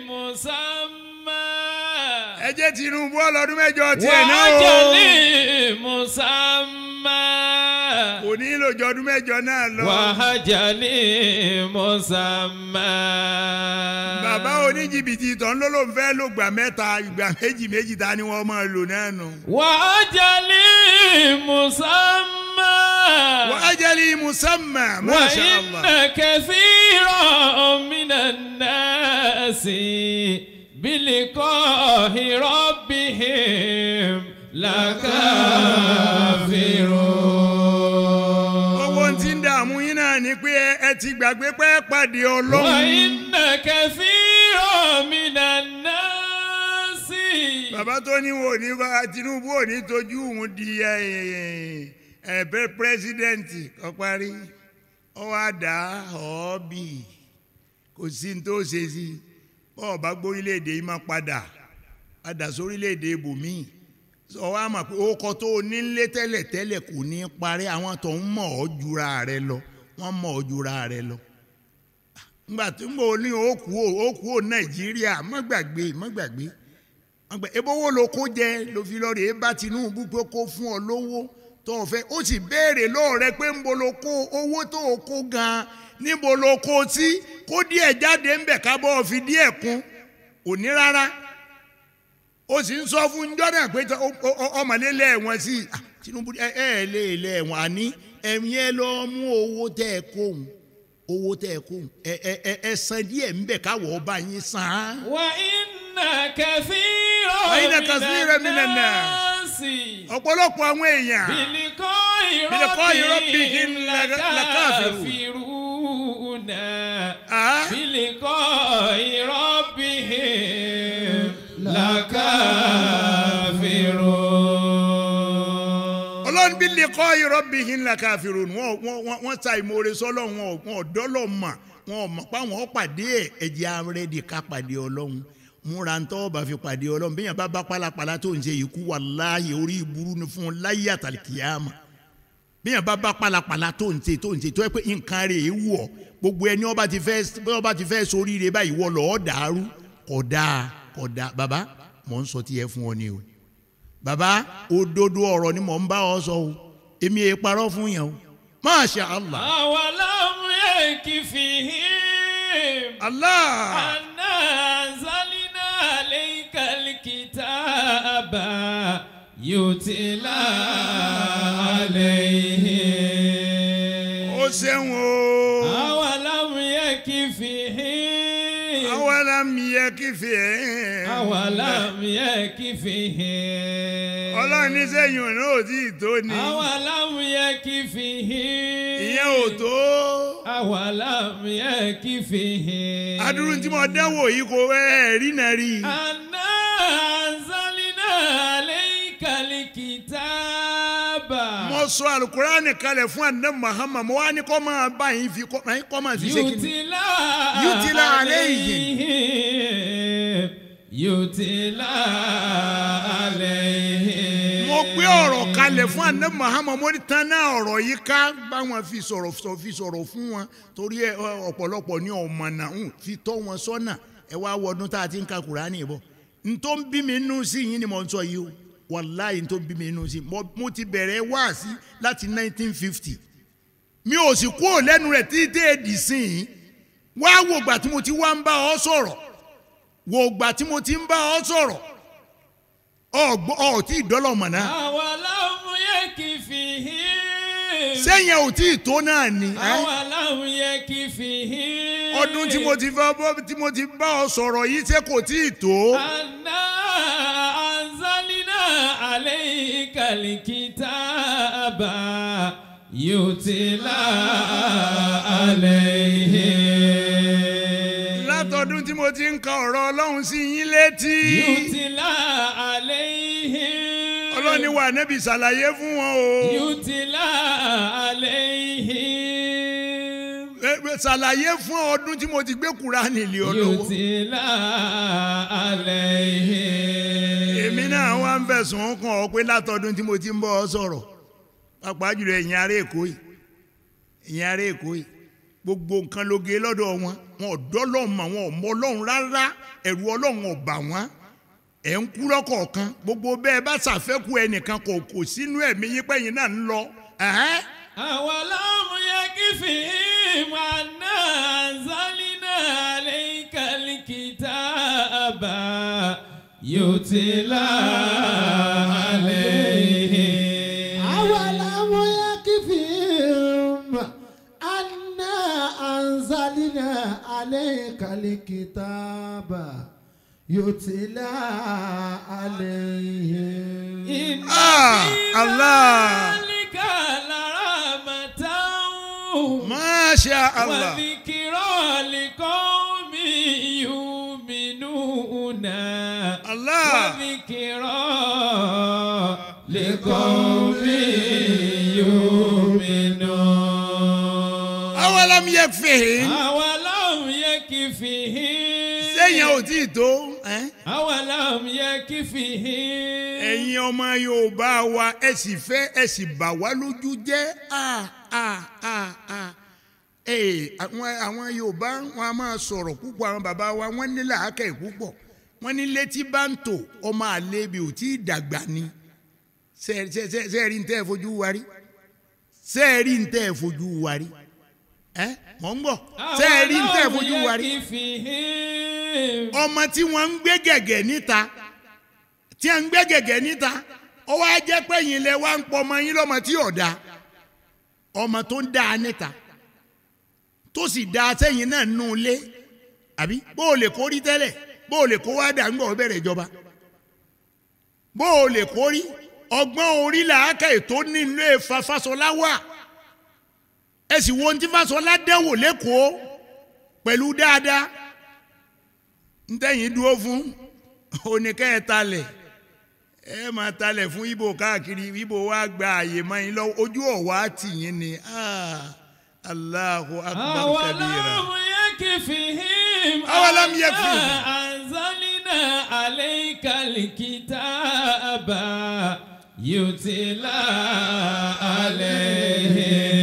musamma. ẹ jẹ́ Tinubu ọlọ́dún mẹ́jọ tiẹ̀ náà o. wàjálì musamma musamma. kò ní lò ọdún mẹ́jọ náà lọ. wàhájálì musamma. bàbá oníjìbìtì tán ló ló ń fẹ́ lò gbà mẹ́ta ìgbà méjì méjì ta ni wọ́n máa lò náà nù. wàhájálì musamma. wàhájálì musamma. masha Allah. wa inna kathiran minan nasi bilikọ́ hirọ́bìhìm lakafirun. owó tí ń dààmú yín náà ni pé ẹ ti gbàgbé pé pàdé ọlọ́run. wa inna kathiran minan nasi. bàbá tó ní wò ní Tinubu ò ní tójú òun di ẹ̀bẹ̀ pírẹ́sídẹ̀ǹtì kọ́ parí ọ wá dá ọ bì kò sí ní tó ṣe sí bọ́ọ̀ bá gbórílẹ̀-èdè yìí máa padà padà sórílẹ̀-èdè ibòmíì ọwọ́ àmọ̀ pé orúkọ tó o nílé tẹ́lẹ̀ tẹ́lẹ̀ kò ní parẹ́ àwọn tó ń mọ̀ ọ́ jura rẹ lọ wọ́n mọ̀ ọ́ jura rẹ lọ. ngbà tí mo ní òkú òkú nàìjíríà má gbàgbé má gbàgbé ebo wo kó jẹ lo fi lọ rè é bá Tinubu pé kó fún ọ lówó tó o fẹ́ ó sì béèrè lóòrẹ́ pé ń bo lo kó owó tó o kó gan-an níbo lo kó sí kó díẹ̀ jáde ńbẹ̀ kábọ̀ fi díẹ̀ kún òní rárá. ozi si ń sọ fún njọ́ náà pé si. Ah, Tinubu elele ẹ lè lẹ́ẹ̀wọ̀n àní ẹ̀mí ẹ lọ mú owó tẹ́ ẹ san ọba yín san wà iná kẹfí rẹ̀ mi nàná ọ̀pọ̀lọpọ̀ àwọn èèyàn bìlìkọ́ ìrọ́bì kí lakafirun. ọlọ́run bí lẹ́kọ́ rabbihim lakafirun wọ́n wọ́n ta ìmoore sọ́lọ́run wọn ò dọ́lọ́ mà wọn ò mọ̀ pa wọn ò pàdé ẹ̀ ẹ̀jẹ̀ arẹ́dì ká pàdé ọlọ́run múra ń tọ́ bá fi pàdé ọlọ́run bí yẹn bá bá pálapàla tó ń ṣe ikú wallahi orí ìburú ni fún un láyé àtàlìkìyàmà bí yẹn bá bá pálapàla tó ń ṣe tó ń ṣe tó yẹ pé nǹkan rẹ̀ é wù ọ́ gbogbo ẹni ọba ti fẹ́ sórí rẹ̀ báyìí wọ́ lọ́ọ́ dàrú kódà ọ̀dà bàbá mò ń sọ tiẹ̀ fún ọ ni o bàbá òdodo ọ̀rọ̀ ni mò ń bá ọ sọ o èmi è parọ́ fún yẹn o Masha Allah. àwa láwọn èkì fi hìn. Allah. àná zálínà lè kàlí bá yóò ti là á lè hìn. ó ṣeun o. kìfìhìn. Àwàlám yẹ kìfìhìn. Ọlọ́run ní sẹ́yìn ọ̀nà ò tí ì tó ni. Àwàlám yẹ kìfìhìn. Ìyẹn ò tó. Àwàlám yẹ kìfìhìn. Adúrú tí mo dánwò yìí kò ẹ̀ rí náà rí. Àná àzálínà lẹ́yìn kàlí kìtàbà. Mo sọ àlùkùránì kalẹ̀ fún àdínà Màhámà, mo wá ní kọ́ máa bá yín fi kọ́ máa fi ṣe kí ni. Yùtìlá àlẹ́ yìí. yutila alayhi. mo gbé ọ̀rọ̀ kalẹ̀ fún anabi muhammad mo ní tán náà ọ̀rọ̀ yìí ká báwọn fi sọ̀rọ̀ fi sọ̀rọ̀ fún wọn torí ọ̀pọ̀lọpọ̀ ní ọmọ náà fi tọ́ wọn sọ́nà ẹ wá wọdún tá a ti ń ka kùránì bọ̀ n tó ń bí mi nú sí yín ni mo ń sọ yìí o wàláyé n tó ń bí mi nú sí mo ti bẹ̀rẹ̀ wáàsí láti 1950 mi ò sì kúrò lẹ́nu rẹ̀ títí èdè sí yìí wá wògbà tí mo ti wá ń bá ọ sọ̀rọ̀ wo ìgbà tí mo ti ń bá ọ sọ̀rọ̀ ọ̀gbọ́n ọ̀ tí náà. àwa láwọn yẹ kí fi hí. sẹ́yìn ò tí ì tó náà ni. àwa láwọn yẹ kí fi hí. ọdún tí mo ti fẹ́ bọ́ tí mo ti bá ọ sọ̀rọ̀ yìí ṣé kò tí ì tó. àná anzalina alẹ́ ìkàlìkìtà bá yóò ti là á lẹ́yìn mo ti ń ka ọ̀rọ̀ ọlọ́run sí yín létí. yutila alayhim. ọlọ́ni wa nẹ́bi fún wọn o. yutila alayhim. ṣàlàyé fún ọdún tí mo ti gbé Kùránì lé ọ yutila alayhim. èmi náà wá ń fẹ̀sùn kàn ọ́ pé látọdún tí mo ti ń bọ́ ọ sọ̀rọ̀ pàápàá jùlọ ẹ̀yin ará Èkó yìí ẹ̀yin ará Èkó yìí gbogbo nǹkan loge lọ́dọ̀ wọn wọn ò dọ́lọ́run mọ̀ wọn ò mọ ọlọ́run rárá ẹ̀rù ọlọ́run ò bà wọ́n ẹ̀ ń kú lọ́kọ̀ọ̀kan gbogbo bẹ́ẹ̀ bá ṣàfẹ́kù ẹnìkan kò kò sínú ẹ̀mí yín pẹ́yìn náà ń lọ. àwọn ọlọ́run yẹ kí fìhìmà náà zálínà lè kàlí kìtà yóò ti là á عليك الكتاب يتلى عليهم آه الله ذلك لرحمة ما شاء الله وذكرى لقوم يؤمنون الله وذكرى لقوم يؤمنون أولم يكفهم أولم fìhín. sẹ́yìn ò tí ì tó. àwọn alam yẹ kí fìhín. ẹ̀yin ọmọ Yorùbá wa ẹ sì fẹ́ ẹ sì bà wá lójú jẹ́ a a a a àwọn Yorùbá wọn a máa sọ̀rọ̀ púpọ̀ àwọn bàbá wa wọ́n ní làákẹ́ púpọ̀ wọ́n ní létí bá ń tò ọmọ àlebi ò tí ì dàgbà ni sẹ́ẹ̀rí ń tẹ́ ẹ fojú wa rí sẹ́ẹ̀rí ń tẹ́ ẹ fojú wa rí Eh? mọ̀ ń bọ̀ ṣé ẹ rí tẹ̀ fojú wa rí ọmọ tí wọ́n ń gbé gẹ̀gẹ̀ níta tí wọ́n ń gbé gẹ̀gẹ̀ níta ó wá jẹ́ pé yín lẹ wá ń pọ ọmọ yín lọ́mọ tí ò dáa ọmọ tó ń dáa níta tó sì dáa sẹ́yìn náà nù lé àbí bó o lè kórí tẹ́lẹ̀ bó o lè kó wá dà ńgbọ̀ bẹ̀rẹ̀ ìjọba bó o lè kórí ọgbọ́n orí làákà ètò nínú ìfafasọlá wà. ẹ sì wo ohun tí Fáṣọlá dẹ́wò lẹ́kọ̀ọ́ pẹ̀lú dáadáa ntẹ́yìn dúró fún oníkẹ́ ẹ̀ talẹ̀ ẹ máa talẹ̀ fún ibo káàkiri ibo wa gba àyè mọ́ yín lọ́wọ́ ojú ọ̀wá tì yín ni ah, Allahu akbar kabira. àwọn yakfihim awalam yakfihim. anzalina alayka alkitaba yutila alayhim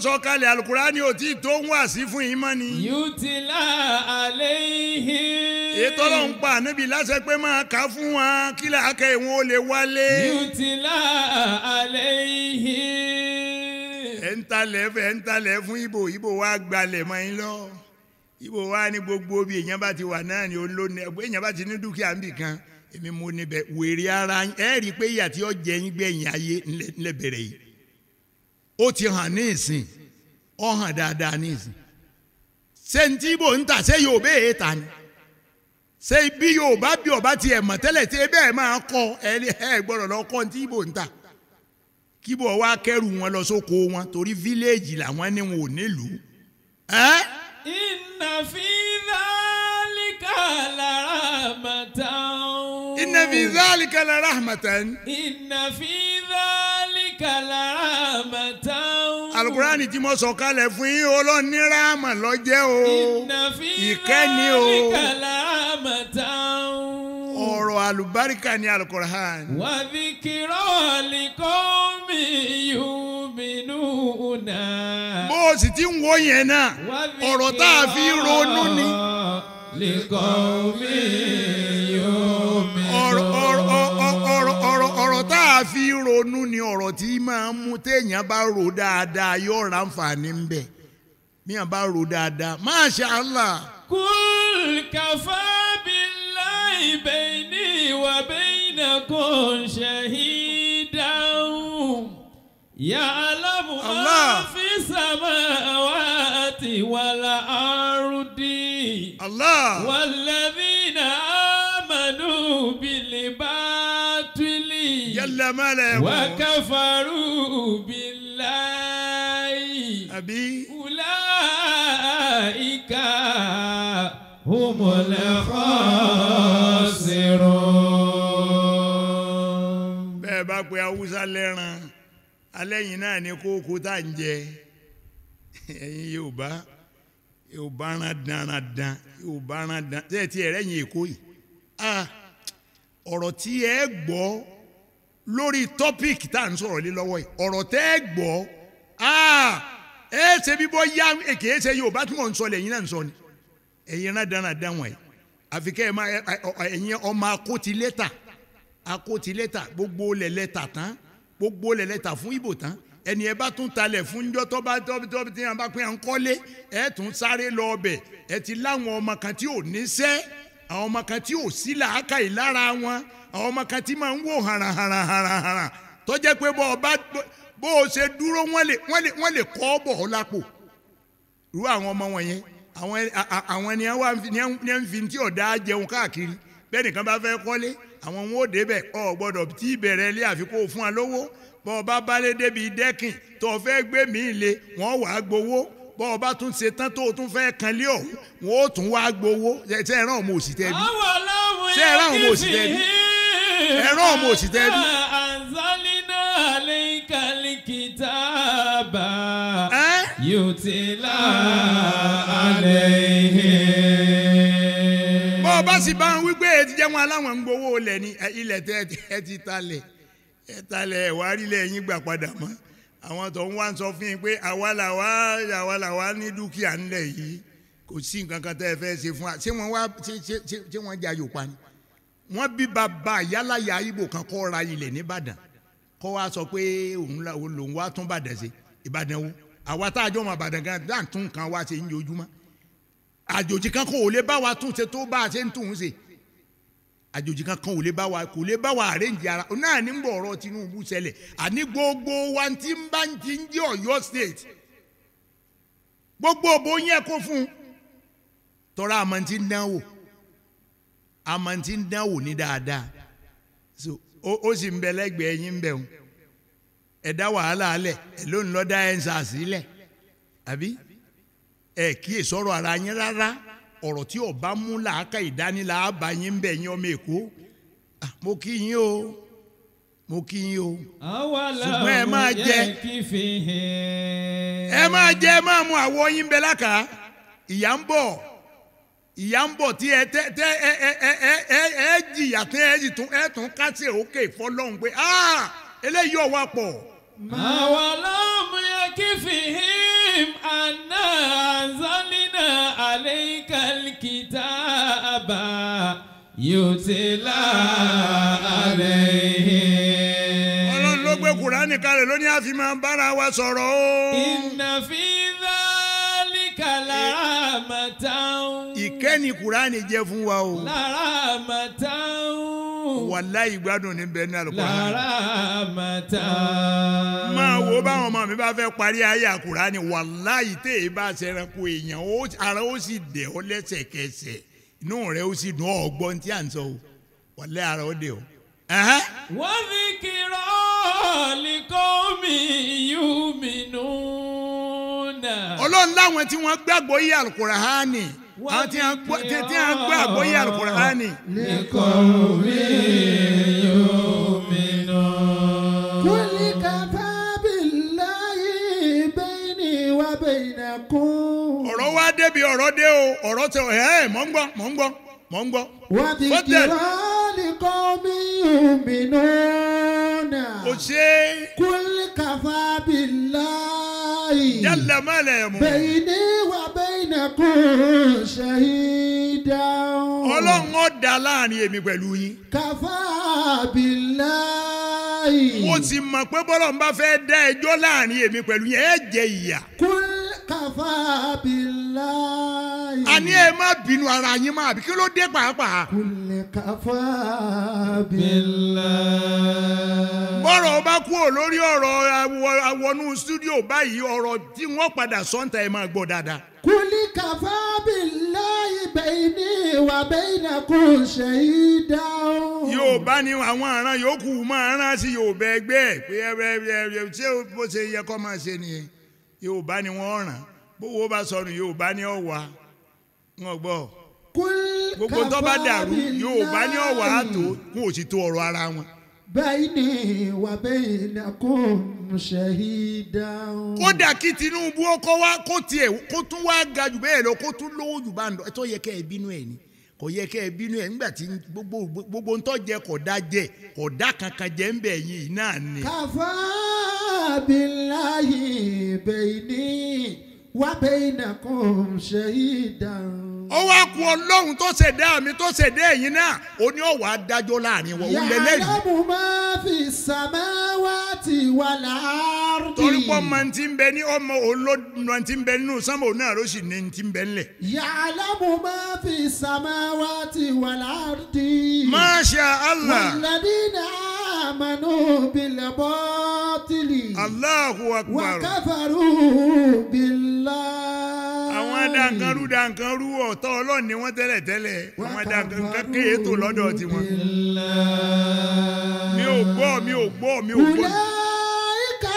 tó alukurani ò tí tó ń wá sí fún yín mọ́ ni. yutila alayhim. ètò ọlọ́run pa ànábì láṣẹ pé máa kà fún wọn kí làákẹ́ ìwọ̀n ó lè wálé. yutila alayhim. ẹ̀ ń talẹ̀ fẹ́ ń talẹ̀ fún ibo ibo wa gbalẹ̀ mọ́ yín lọ ibo wa ní gbogbo bí èèyàn bá ti wà náà ni ó lónìí ẹgbẹ́ èèyàn bá ti ní dúkìá ń bì kan èmi mo níbẹ̀ wèrè ara ẹ̀ rí i pé ìyà tí ó jẹ yín gbẹ̀yìn ayé ńlẹ̀ bẹ̀rẹ̀ yìí. ó ti hàn ní ìsìn ọ hàn dáadáa ní ìsìn ṣé n tí ibo ń tà ṣé yorùbá èyí tà ni ṣé bí yorùbá bí ọba tiẹ̀ mọ̀ tẹ́lẹ̀ tí ebe ẹ̀ máa kọ ẹ gbọ́dọ̀ lọ kọ́ n tí ibo ń tà kíbo wa kẹ́rù wọn lọ sóko wọn torí fíléèjì làwọn ni wọn ò nílùú. ìnàfíìdá líkà lára bàtà fi dhalika la rahmatan. inna fi dhalika la rahmatan. alukurani tí mo sọ kalẹ̀ fún yín olóòní rahma ló jẹ́ o ìkẹ́ni o. inna fi dhalika la rahmatan. ọ̀rọ̀ àlùbáríkà ni alukurani. wa dhikra liqawmi yu'minuna. bó o sì ti ń wo yẹn náà ọ̀rọ̀ tá a fi ronú ni. لقوم يؤمنون fi ronú ni ọ̀rọ̀ tí máa ń mú téèyàn bá ro dáadáa yóò ra àǹfààní ń bẹ̀ bí bá ro dáadáa Masha Allah. kul kafa billahi bayni wa baynakum shahidan ya'lamu ma fi samawati wal ardi. Allah. walladhina. وسلم له وكفروا بالله أبي أولئك bẹ́ẹ̀ bá pe haúsá lẹ́ran alẹ́yìn náà ni kókó tá à ń jẹ ẹ̀yin Yorùbá Yorùbá rán dandan Yorùbá rán dandan tẹ́ẹ̀ tí ẹ̀rẹ́yìn Èkó yìí ah, ọ̀rọ̀ tí ẹ gbọ́ lórí topic tá à ń sọ̀rọ̀ lé lọ́wọ́ yìí ọ̀rọ̀ tẹ́ ẹ gbọ́ ẹ ṣe bí bọ́ yá èké ṣe Yorùbá tí mò ń sọ lẹ́yìn náà ń sọ ni ẹ̀yin náà dáná dáhùn ẹ̀ àfi kẹ́ ẹ máa ẹ̀yin ọmọ akóti lẹ́tà akóti lẹ́tà gbogbo lẹ̀ lẹ́tà tán gbogbo lẹ̀ lẹ́tà fún Ìbò tán ẹni ẹ bá tún talẹ̀ fún jọ́ tọ́ba tọ́bi tí wọ́n bá pín à ń kọ́lé ẹ tún sáré lọ ọbẹ̀ ẹ ti láwọn ọmọ kan tí ò níṣẹ́ àwọn ọmọ kan tí ò sí làákàyè lára wọn àwọn ọmọ kan tí máa ń wò hàrà hàrà hàrà hàrà tó jẹ́ pé bó o bá bó o ṣe dúró wọ́n lè wọ́n lè wọ́n lè kọ́ ọ bọ̀ ọ́ lápò irú àwọn ọmọ wọn yẹn àwọn àwọn ni wọ́n fi tí ọ̀dà jẹun káàkiri bẹ́ẹ̀ nìkan bá fẹ́ kọ́lé àwọn wọn ò débẹ̀ ọ gbọ́dọ̀ tí ìbẹ̀rẹ̀ ilé àfikún fún wa bó o bá balẹ̀ débi dẹ́kìn tó o fẹ́ gbé mi-ín le wọ́n wàá gbowó bọ́ ọ bá tún ṣe tán tó o tún fẹ́ kan lé ọ̀hún wọn ó tún wá gbowó ṣe ẹ̀rán ọmọ òsì tẹ́ ṣe ẹ̀rán ọmọ òsì tẹ́ ẹ̀rán ọmọ òsì tẹ́ bí. àzálínà lè kìtà bá yóò ti là alẹ́ yìí. bọ́ ọ bá sì bá ń wí pé ètí jẹ́ wọn aláwọ̀ ń gbowó lẹ̀ ilẹ̀ tẹ́ ẹ ti talẹ̀ ẹ talẹ̀ ẹ̀ wá rí lẹ́yìn gbà padà mọ́ àwọn tó ń wá ń sọ fún yín pé àwa làwa àwa làwa ní dúkìá ńlẹ̀ yìí kò sí nǹkan kan tẹ́ ẹ fẹ́ ṣe fún wa ṣé wọ́n wá ṣé wọ́n ja yòpa ni wọ́n bí bàbá yálàyà ibo kan kọ́ ra ilẹ̀ nìbàdàn kọ́ wa sọ pé òun lòun wá tún bàdàn ṣe ìbàdàn wo àwa tá a jọ mọ àbàdàn gan dáǹtún kan wá ṣe ń yojúmọ́ àjòjì kan kò lè bá wa tún ṣe tó bá a ṣe ń tún un ṣe. àjòjì kankan ò lè bá wa kò lè bá wa àrẹ́ǹjì ara náà ní Tinubu àní gbogbo wa ti ń bá ti ń gbogbo òbó yẹn kó fún un tọ́ra àmọ́ ti ń dánwò ti ń dánwò ní dáadáa so ó sì ń bẹ yín ń wàhálà ló ń dá ara yín rárá. ọ̀rọ̀ tí ọba mú làákà ìdánilá bá yín bẹ̀ yín ọmọ èkó mo kí yín o mo kí yín o ṣùgbọ́n ẹ máa jẹ ẹ máa jẹ ẹ máa mú àwọ̀ yín bẹ lákà ìyá ń bọ̀ ìyá ń bọ̀ tí ẹ tẹ tẹ ẹ ẹ ẹ ẹ ẹ ẹ jìyà tẹ ẹ jì tún ẹ tún kásẹ̀ òkè fọlọ́hún pé eléyìí ọ̀wà pọ̀. màwa lọ́mú yẹ kí fìhín. عليهم أنا أنزلنا عليك الكتاب يتلى عليهم kùránì kalẹ̀ ló ní a máa bára wa sọ̀rọ̀ o. inna fi dhalika làrámàtà. ìkẹ́ni kùránì jẹ́ fún wa o. làrámàtà gbádùn. wàláyé gbádùn ní bẹ́ẹ̀ ní àlùkò. lára màtá. máa wo báwọn ọmọ mi bá fẹ́ parí ayé àkùrá ni wàláyé tẹ́ ẹ bá ṣẹranko èèyàn ara ó sì dẹ̀ ọ́ lẹ́sẹ̀kẹsẹ̀ inú rẹ̀ ó sì dùn ọ́ gbọ́n tí à ń sọ o wàlẹ́ ara ó dẹ̀ o. wọ́n fi kìrọ̀ ọ̀lìkọ́ mi yú mi nù náà. ọlọ́run láwọn tí wọ́n gbàgbọ́ yí àlùkùránì àwọn tí a gbọ́ àgbọ́yé àlùkùránì. lẹ́kọ̀ọ́ mi yóò mi nà. kúlì kàfá billahi bayni wa baynakum. ọ̀rọ̀ wá débi ọ̀rọ̀ dé o ọ̀rọ̀ tẹ ẹ̀ mọ̀ ń gbọ́ mọ̀ ń gbọ́ mọ̀ ń gbọ́. wà ti kìlọ̀ nìkan mi yóò nà. o ṣe. kúlì kàfá billahi. yálà má lẹ̀ mú. bayni yakun ṣahida. ọlọ́run ó dá láàrin èmi pẹ̀lú yín. kàfá billahi. mo ti mọ̀ pé bọ́lá ń bá fẹ́ dá ẹjọ́ láàrin èmi pẹ̀lú yín ẹ jẹ ìyà. kul kàfá billahi. àní ẹ má bínú ara yín má àbí kí ló dé pàápàá. kulẹ̀ káfá bọ́rọ̀ ọba kúrò lórí ọ̀rọ̀ àwọnú stúdíò báyìí ọ̀rọ̀ tí wọ́n padà sọ́ńtà ẹ̀ máa gbọ́ dáadáa. kulẹ̀ káfá billah bẹ́ẹ̀ni wà ni kò ṣe é dá o. yóò bá ní àwọn aràn yòókù máa rán sí yóò bẹ́ẹ̀ gbẹ́ pé ẹ ẹ ẹ ṣé bó ṣe yẹ kó máa nìyẹn yóò bá ní wọn ràn. bówó bá sọnù bá ní ọwà wọn gbọ́ gbogbo tó bá dàrú bá ní ọwà àtò kún òsì tó ọ̀rọ̀ ara wọn. báyìí ni ìwà bẹ́ẹ̀ ni kò ń ṣe é dáhùn. kódà kí Tinubu ọkọ wa kó tiẹ̀ kó tún wá ga jù bẹ́ẹ̀ lọ kó tún lówó jù bá ń lọ ẹ tó yẹ kẹ́ ẹ bínú ẹ̀ ni kò yẹ kẹ́ ẹ bínú nígbà tí gbogbo gbogbo ń tọ́ jẹ kankan jẹ ń bẹ̀ yìí náà ni. kàfá bẹ́ẹ̀ ni. wá bẹ ìnàkùn ṣe ìdáhùn. ó wá kun ọlọ́run tó ṣẹ̀dá mi tó ṣẹ̀dá ẹ̀yin náà ó ní ọ̀wọ́ adájọ́ láàrin wọn òun lẹ́lẹ́rìí. yàrá mo máa fi samawati wal ardi. torí pé ọmọ ti ń bẹ ní ọmọ olódùn ti ń bẹ nínú sánmà òun náà ló sì ní ti ń bẹ nílẹ̀. yàrá mo máa fi samawati wal ardi. Masha Allah. walladina amanu bil batili. Allahu akbar. wa kafaru bil àwọn dankanru dankanru ọ̀tọ̀ ọlọ́run ni wọ́n tẹ́lẹ̀ tẹ́lẹ̀ àwọn dankankan kéye tó lọ́dọ̀ tiwọn. mi ò gbọ́ mi ò gbọ́ mi ò gbọ́. wùláìka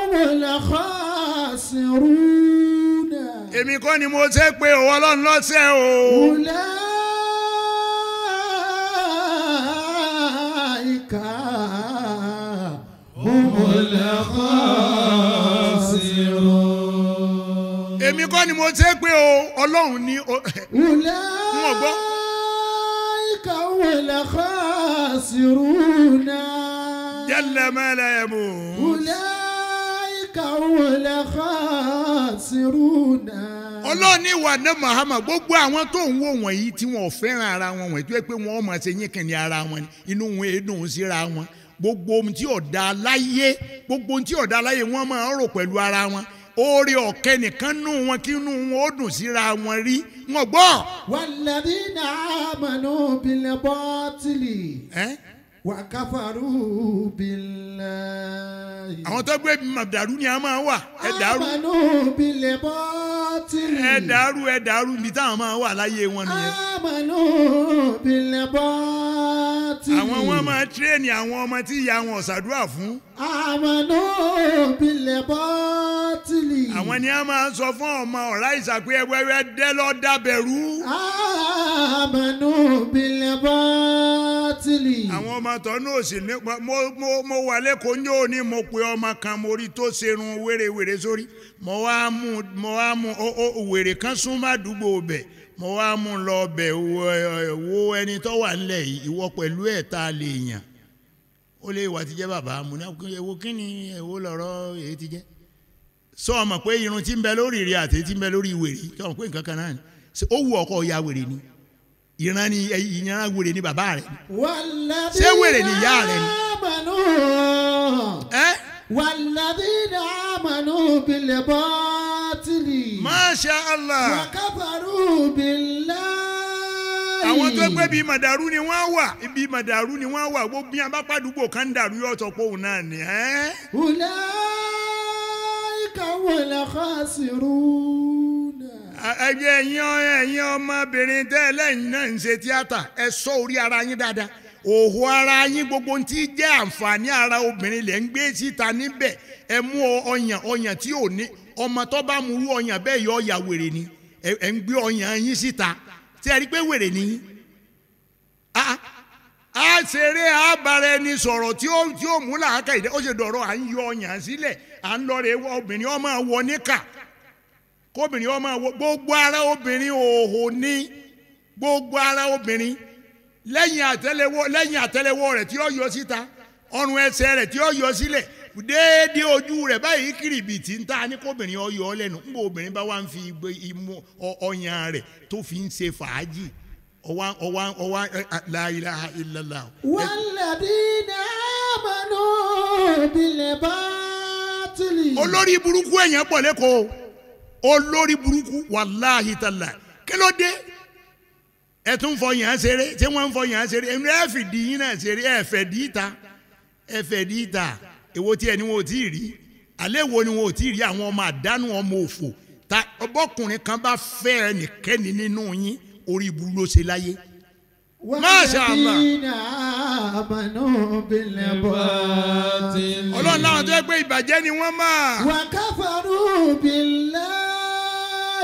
ọmọlá khasiruna. èmi kọ́ ni mo ṣe pé òwò ọlọ́run lọ́sẹ̀ o. wùláìka. kọ́ ni mo ṣe pé o ọlọ́run ni o. wùlẹ́ ìka wẹ̀lẹ̀ kọ́ àṣírùnà. jẹ́lẹ̀ mẹ́lẹ̀ ẹ̀ mú. wùlẹ́ ìka wẹ̀lẹ̀ kọ́ àṣírùnà. ọlọ́run ní ìwà náà mahama gbogbo àwọn tó ń wò wọ̀nyí tí wọ́n fẹ́ràn ara wọn wọ̀nyí tó yẹ pé wọ́n máa ṣe yín kìnìún ara wọn inú wọn èédùn síra wọn gbogbo ohun tí ọ̀dà láyé gbogbo ohun tí ọ̀dà láyé wọ́n máa ń rò pẹ̀lú ara wọn oore ọ̀kẹ́ nìkan nù wọn kí nù wọn ó dùn síra wọn rí wọn gbọ́. wàlẹ́bí náà mọ̀nú bilẹ̀ bọ́tìlì. ẹ́ wà káfàrú àwọn tó gbé màdàrú ni a máa wà ẹ dàrú. àmàlù bilẹ̀ bọ́tìlì. ẹ dàrú ẹ dàrú ibi táwọn máa wà láyé wọn nìyẹn. àmàlù bilẹ̀ bọ́tìlì. àwọn wọn máa tírẹ́ẹ̀nì àwọn ọmọ tí ìyá wọn ṣàdúrà fún. àmàlù bilẹ̀ bọ́tìlì. àwọn ni a máa sọ fún ọmọ ọ̀rá ìsàpé ẹwẹ́wẹ́ dẹ́ dábẹ̀rú. àmàlù bilẹ̀ bọ́tìlì. àwọn ọmọ tọ́nú òsì nípa mo wà lẹ́kọ̀ọ́ ní òní mo pe ọmọ kan mo rí tó ṣerun wèrèwèrè sórí mo wá mú mo wá mú wèrè kan bẹ̀ mo wá mú lọ bẹ̀ wo ẹni tó wà nílẹ̀ yìí ìwọ pẹ̀lú ẹ̀ lè yàn ó lè wà ti jẹ́ bàbá kí ni lọ̀rọ̀ èyí ti jẹ́ sọ ọmọ irun ti ń bẹ lórí àti ti ń bẹ lórí wèrè sọ ọmọ pé nǹkan kan náà ó ọkọ ya wèrè ni. ìran ni ìran wèrè ni bàbá rẹ ṣé wèrè ni ìyá rẹ ni. wàlàdínà àmàlù bìlẹ̀ bọ́tìlì. Masha Allah. wàkàfàrù bìlẹ̀ àwọn tó gbé bíi màdàrú ni wọ́n wà ibi màdàrú ni wọ́n wà gbogbo yẹn bá pàdúgbò kan dàrú yóò sọ pé òun náà ni. wùlẹ́ ìkàwé làkàṣìrú. ẹyẹ ẹyin ẹyin ọmọbìnrin tẹ́ lẹ́yìn náà ń ṣe tíátà ẹ sọ orí ara yín dáadáa òhò ara yín gbogbo ti jẹ́ àǹfààní ara obìnrin lẹ ń gbé síta níbẹ̀ ẹ mú ọyàn ọyàn tí ò ní ọmọ tó bá mú ọyàn bẹ́ẹ̀ yọ ọyà wèrè ni ẹ ń gbé ọyàn yín síta tí ẹ rí pé wèrè ni yín a ṣeré àbára ẹni sọ̀rọ̀ tí ó yọ ọyàn sílẹ̀ à ń lọ ọmọ wọ níkà kóbìnrin ọmọ ma gbogbo ara obìnrin òhò ní gbogbo ara obìnrin lẹ́yìn àtẹ́lẹwọ́ lẹ́yìn àtẹ́lẹwọ́ rẹ̀ tí ó yọ síta ọrùn ẹsẹ̀ rẹ̀ tí ó yọ sílẹ̀ déédéé ojú rẹ̀ báyìí kìrìbìtì ń ta ní kóbìnrin ọyọ lẹ́nu obìnrin bá wà ń fi imú ọyàn olórí burúkú wàláhì tàlà kí ló dé ẹ tún fọ yàn án ṣeré tí wọ́n ń fọ yàn án ṣeré ẹ̀mí ẹ̀ fìdí yín náà ṣeré ẹ̀ fẹ̀dí ìta ẹ̀ fẹ̀dí ìta èwo tiẹ̀ ni wọn ò tí ì rí alẹ́ wo ni wọn ò tí ì rí àwọn ọmọ àdánù ọmọ òfò ta ọbọ̀kùnrin kan bá fẹ́ ẹnikẹ́ni nínú yín orí ibu ló ṣe láyé. Masha Allah. ọlọ́run náà tó yẹ pé ìbàjẹ́ ni wọ́n máa. wàkàfàrú billah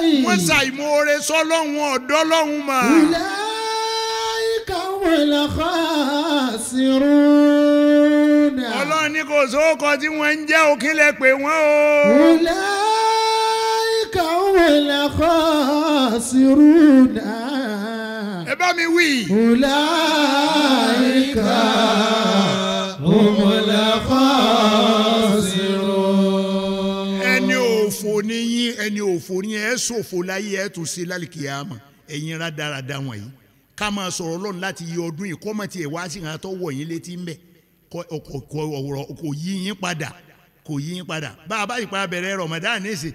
yìí. wọ́n ṣàìmoore sọ́lọ́hún ọ̀dọ́ lọ́hún mà. wùlẹ̀ ìka wọlé khasirun. ọlọ́run ní kò sóòkọ tí wọ́n ń jẹ́ òkìlẹ̀ pé wọ́n o. wùlẹ̀ ìka wọlé khasirun. ẹ bá mi wí. wùlẹ̀ ìka wọlé. ẹni òfò ni ẹ ṣòfò láyé ẹ tún ṣe lálìkìyàmà ẹ̀yin rádaràda wọ̀nyí ká máa sọ̀rọ̀ ọlọ́run láti yí ọdún yìí kọ́mọ̀ tiẹ̀ wá sí ìrántọ́ wọ̀ yín létí ń bẹ̀ kò yí yín padà kò yí yín padà bá a bá yìí padà bẹ̀rẹ̀ Ramadan nísì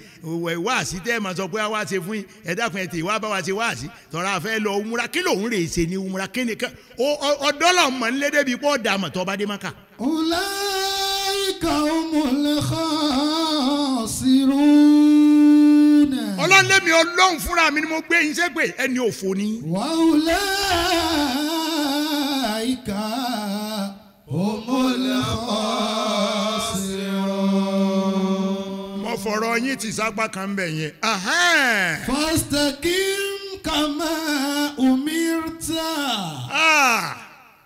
wáàsí tẹ́ ẹ máa sọ pé wá ṣe fún yín ẹ dákun ẹ tè wá bá wa ṣe wáàsí tọ́ra àfẹ́ lọ umra kí lòun rè ṣe ni umra kí ni kan ọ̀dọ́ là ń mọ̀ nílé débi pọ̀ dà mọ̀ tọ́ bá dé Mákà. ọ̀la ìka ọmọ lẹ́kọ̀ọ́ sí rún ọlọ́run lèmi ọlọ́run fúnra mi ni mo gbé yín ṣépè ẹni òfò ni. wàhùlẹ̀ àyíká òmùlẹ̀ ọ̀sẹ̀rọ̀. mo fọ̀rọ̀ yín ti sápá kan bẹ̀ yẹn. fọ́sítẹ́kìm kàmá umirta. Ah,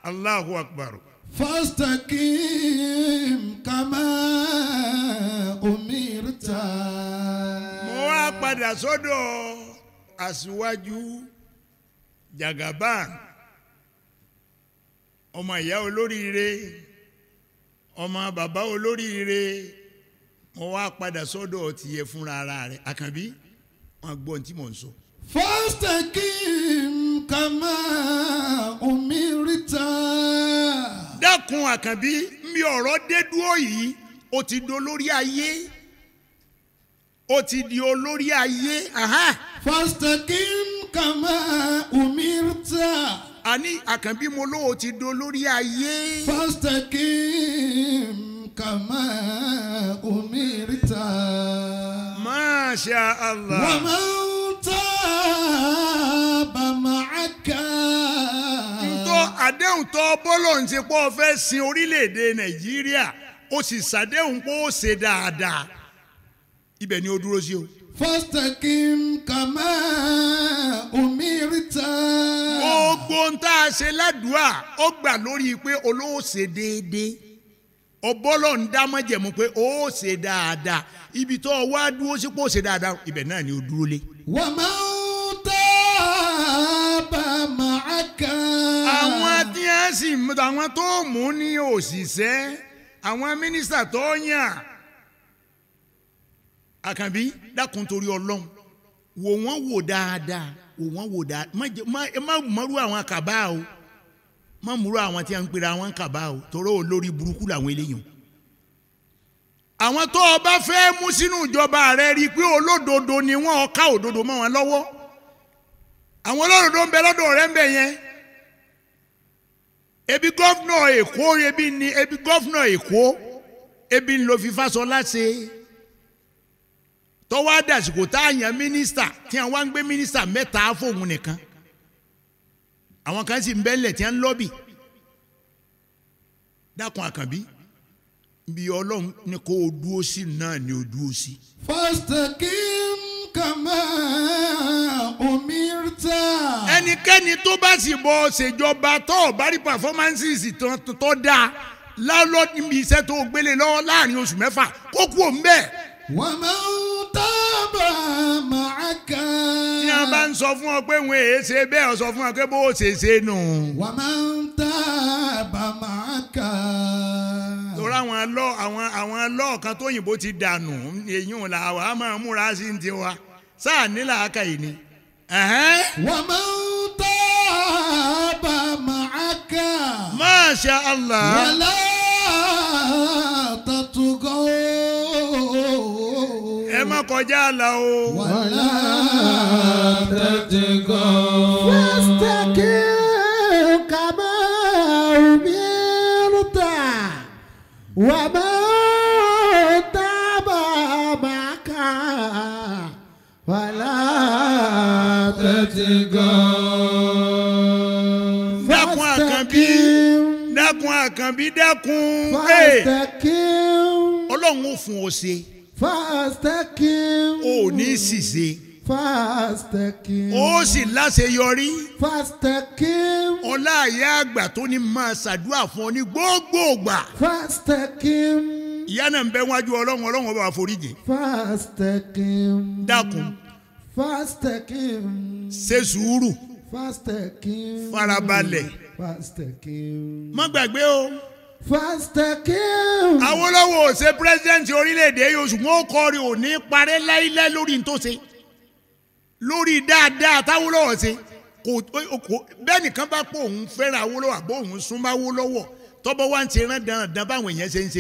Allahu akbar fastaqim kama umirta. mo wá padà sọ́dọ̀ aṣíwájú Jagaban ọmọ ìyá olóríire ọmọ bàbá olóríire mo wá padà sọ́dọ̀ tiẹ̀ fúnra ara rẹ̀ àkànbí wọn gbọ́ ohun tí mò ń kama umirta dákun àkànbí mi ọ̀rọ̀ dé yìí ó ti di olórí ayé ó ti di olórí ayé. fastaqim kama umirta. àní àkànbí mo lóò ti di olórí ayé. Kim, kama umirta. masha Allah. wa man taaba ma'aka àdéhùn tó bọ́lọ̀ ń ṣe pé ó fẹ́ sin orílẹ̀-èdè nàìjíríà ó sì ṣàdéhùn pé ó ṣe dáadáa ibẹ̀ ni ó dúró sí o. fọ́sítẹ̀kìm kàmá òmìrìtà. gbogbo ń tá a ṣe ládùúà ó gbà lórí pé olówó ṣe déédéé ọbọ́lọ̀ ń dá mọ́jẹ̀mú pé ó ṣe dáadáa ibi tó wá dúró sí pé ó ṣe dáadáa ibẹ̀ náà ni ó dúró lé. wà á máa ń tẹ́ àbàmà àkàn àwọn tí a sì àwọn tó mú ní òṣìṣẹ́ àwọn mínísítà tó yàn àkànbí dákun torí ọlọ́run wò wọ́n wò dáadáa wò wọ́n wò dáadáa má mọ́rú àwọn kàbá o má múrú àwọn tí a ń pera àwọn kàbá o tọrọ olórí burúkú làwọn eléyìí àwọn tó o bá fẹ́ mú sínú ìjọba rẹ rí i pé olódodo ni wọ́n ká òdodo mọ́ wọn lọ́wọ́ àwọn olódodo ń bẹ lọ́dọ̀ rẹ ń bẹ yẹn ebi gọ́fúnà èkó ebi ni ebi gọ́fúnà èkó ebi ń lo Fífásọlá ṣe tọ́wọ́ àdàsìkò tá a yan mínísítà tí wọ́n ń gbé mínísítà mẹ́ta fóun nìkan àwọn kan sì ń bẹ́lẹ̀ tí wọ́n ń lọ́bì dákun àkànbí bí ọlọ́run ní kó dúró sí náà ni o dúró sí. fásitì kí n ẹnikẹ́ni tó bá sì bọ ṣèjọba tó bá rí performances tó dáa lálọ́ níbi iṣẹ́ tó gbélé lọ́wọ́ láàrin oṣù mẹ́fà kó kú òun bẹ́ẹ̀. wọ́n máa ń tábà máa kà. tí a bá ń sọ fún ọ pé òun èé ṣe bẹ́ẹ̀ ọ sọ fún ọ pé bó o ṣe ṣe nù. wọ́n máa ń tábà máa kà. torí àwọn lọ àwọn àwọn lọ́ọ̀kan tóyìnbó ti dànù èyí ò là wà á máa múra sí ti wa sáà nílà ákàyè ni wàmọ́ tó bá máa kà. Allah. wàlá tàtúgọ́. ẹ má kọjá àlà o. wàlá tàtúgọ́. fásitì kàmá omi rúta to go. Dákun àkànbí. Dákun àkànbí dákun. Fàstẹ́kìm. Ọlọ́run ò fún ọ ṣe. Fàstẹ́kìm. O ò ní ṣìṣe. Fàstẹ́kìm. Ó sì láṣeyọrí. Fàstẹ́kìm. Ọlá àyà àgbà tó ní máa ṣàdúrà fún ọ ní gbogbo ìgbà. Fàstẹ́kìm. Ìyá náà ń bẹ wájú ọlọ́run ọlọ́run ọba àforíjì. Fàstẹ́kìm. Dákun fastakim. ṣe sùúrù. fastakim. farabalẹ̀. fastakim. má gbàgbé o. fastakim. Awólọ́wọ̀ ṣe president orílẹ̀-èdè yìí ṣùgbọ́n ó kọ́ rí ò ní parẹ́ láíláí lórí tó ṣe lórí dáadáa táwólọ́wọ̀ ṣe kò bẹ́ẹ̀ nìkan bá pọ̀ òun fẹ́ràn Awólọ́wọ̀ àbọ̀ òun súnmọ́ Awólọ́wọ̀ tọ́bọ̀ wá ń ṣe rán dandan báwọn èèyàn ṣe ń ṣe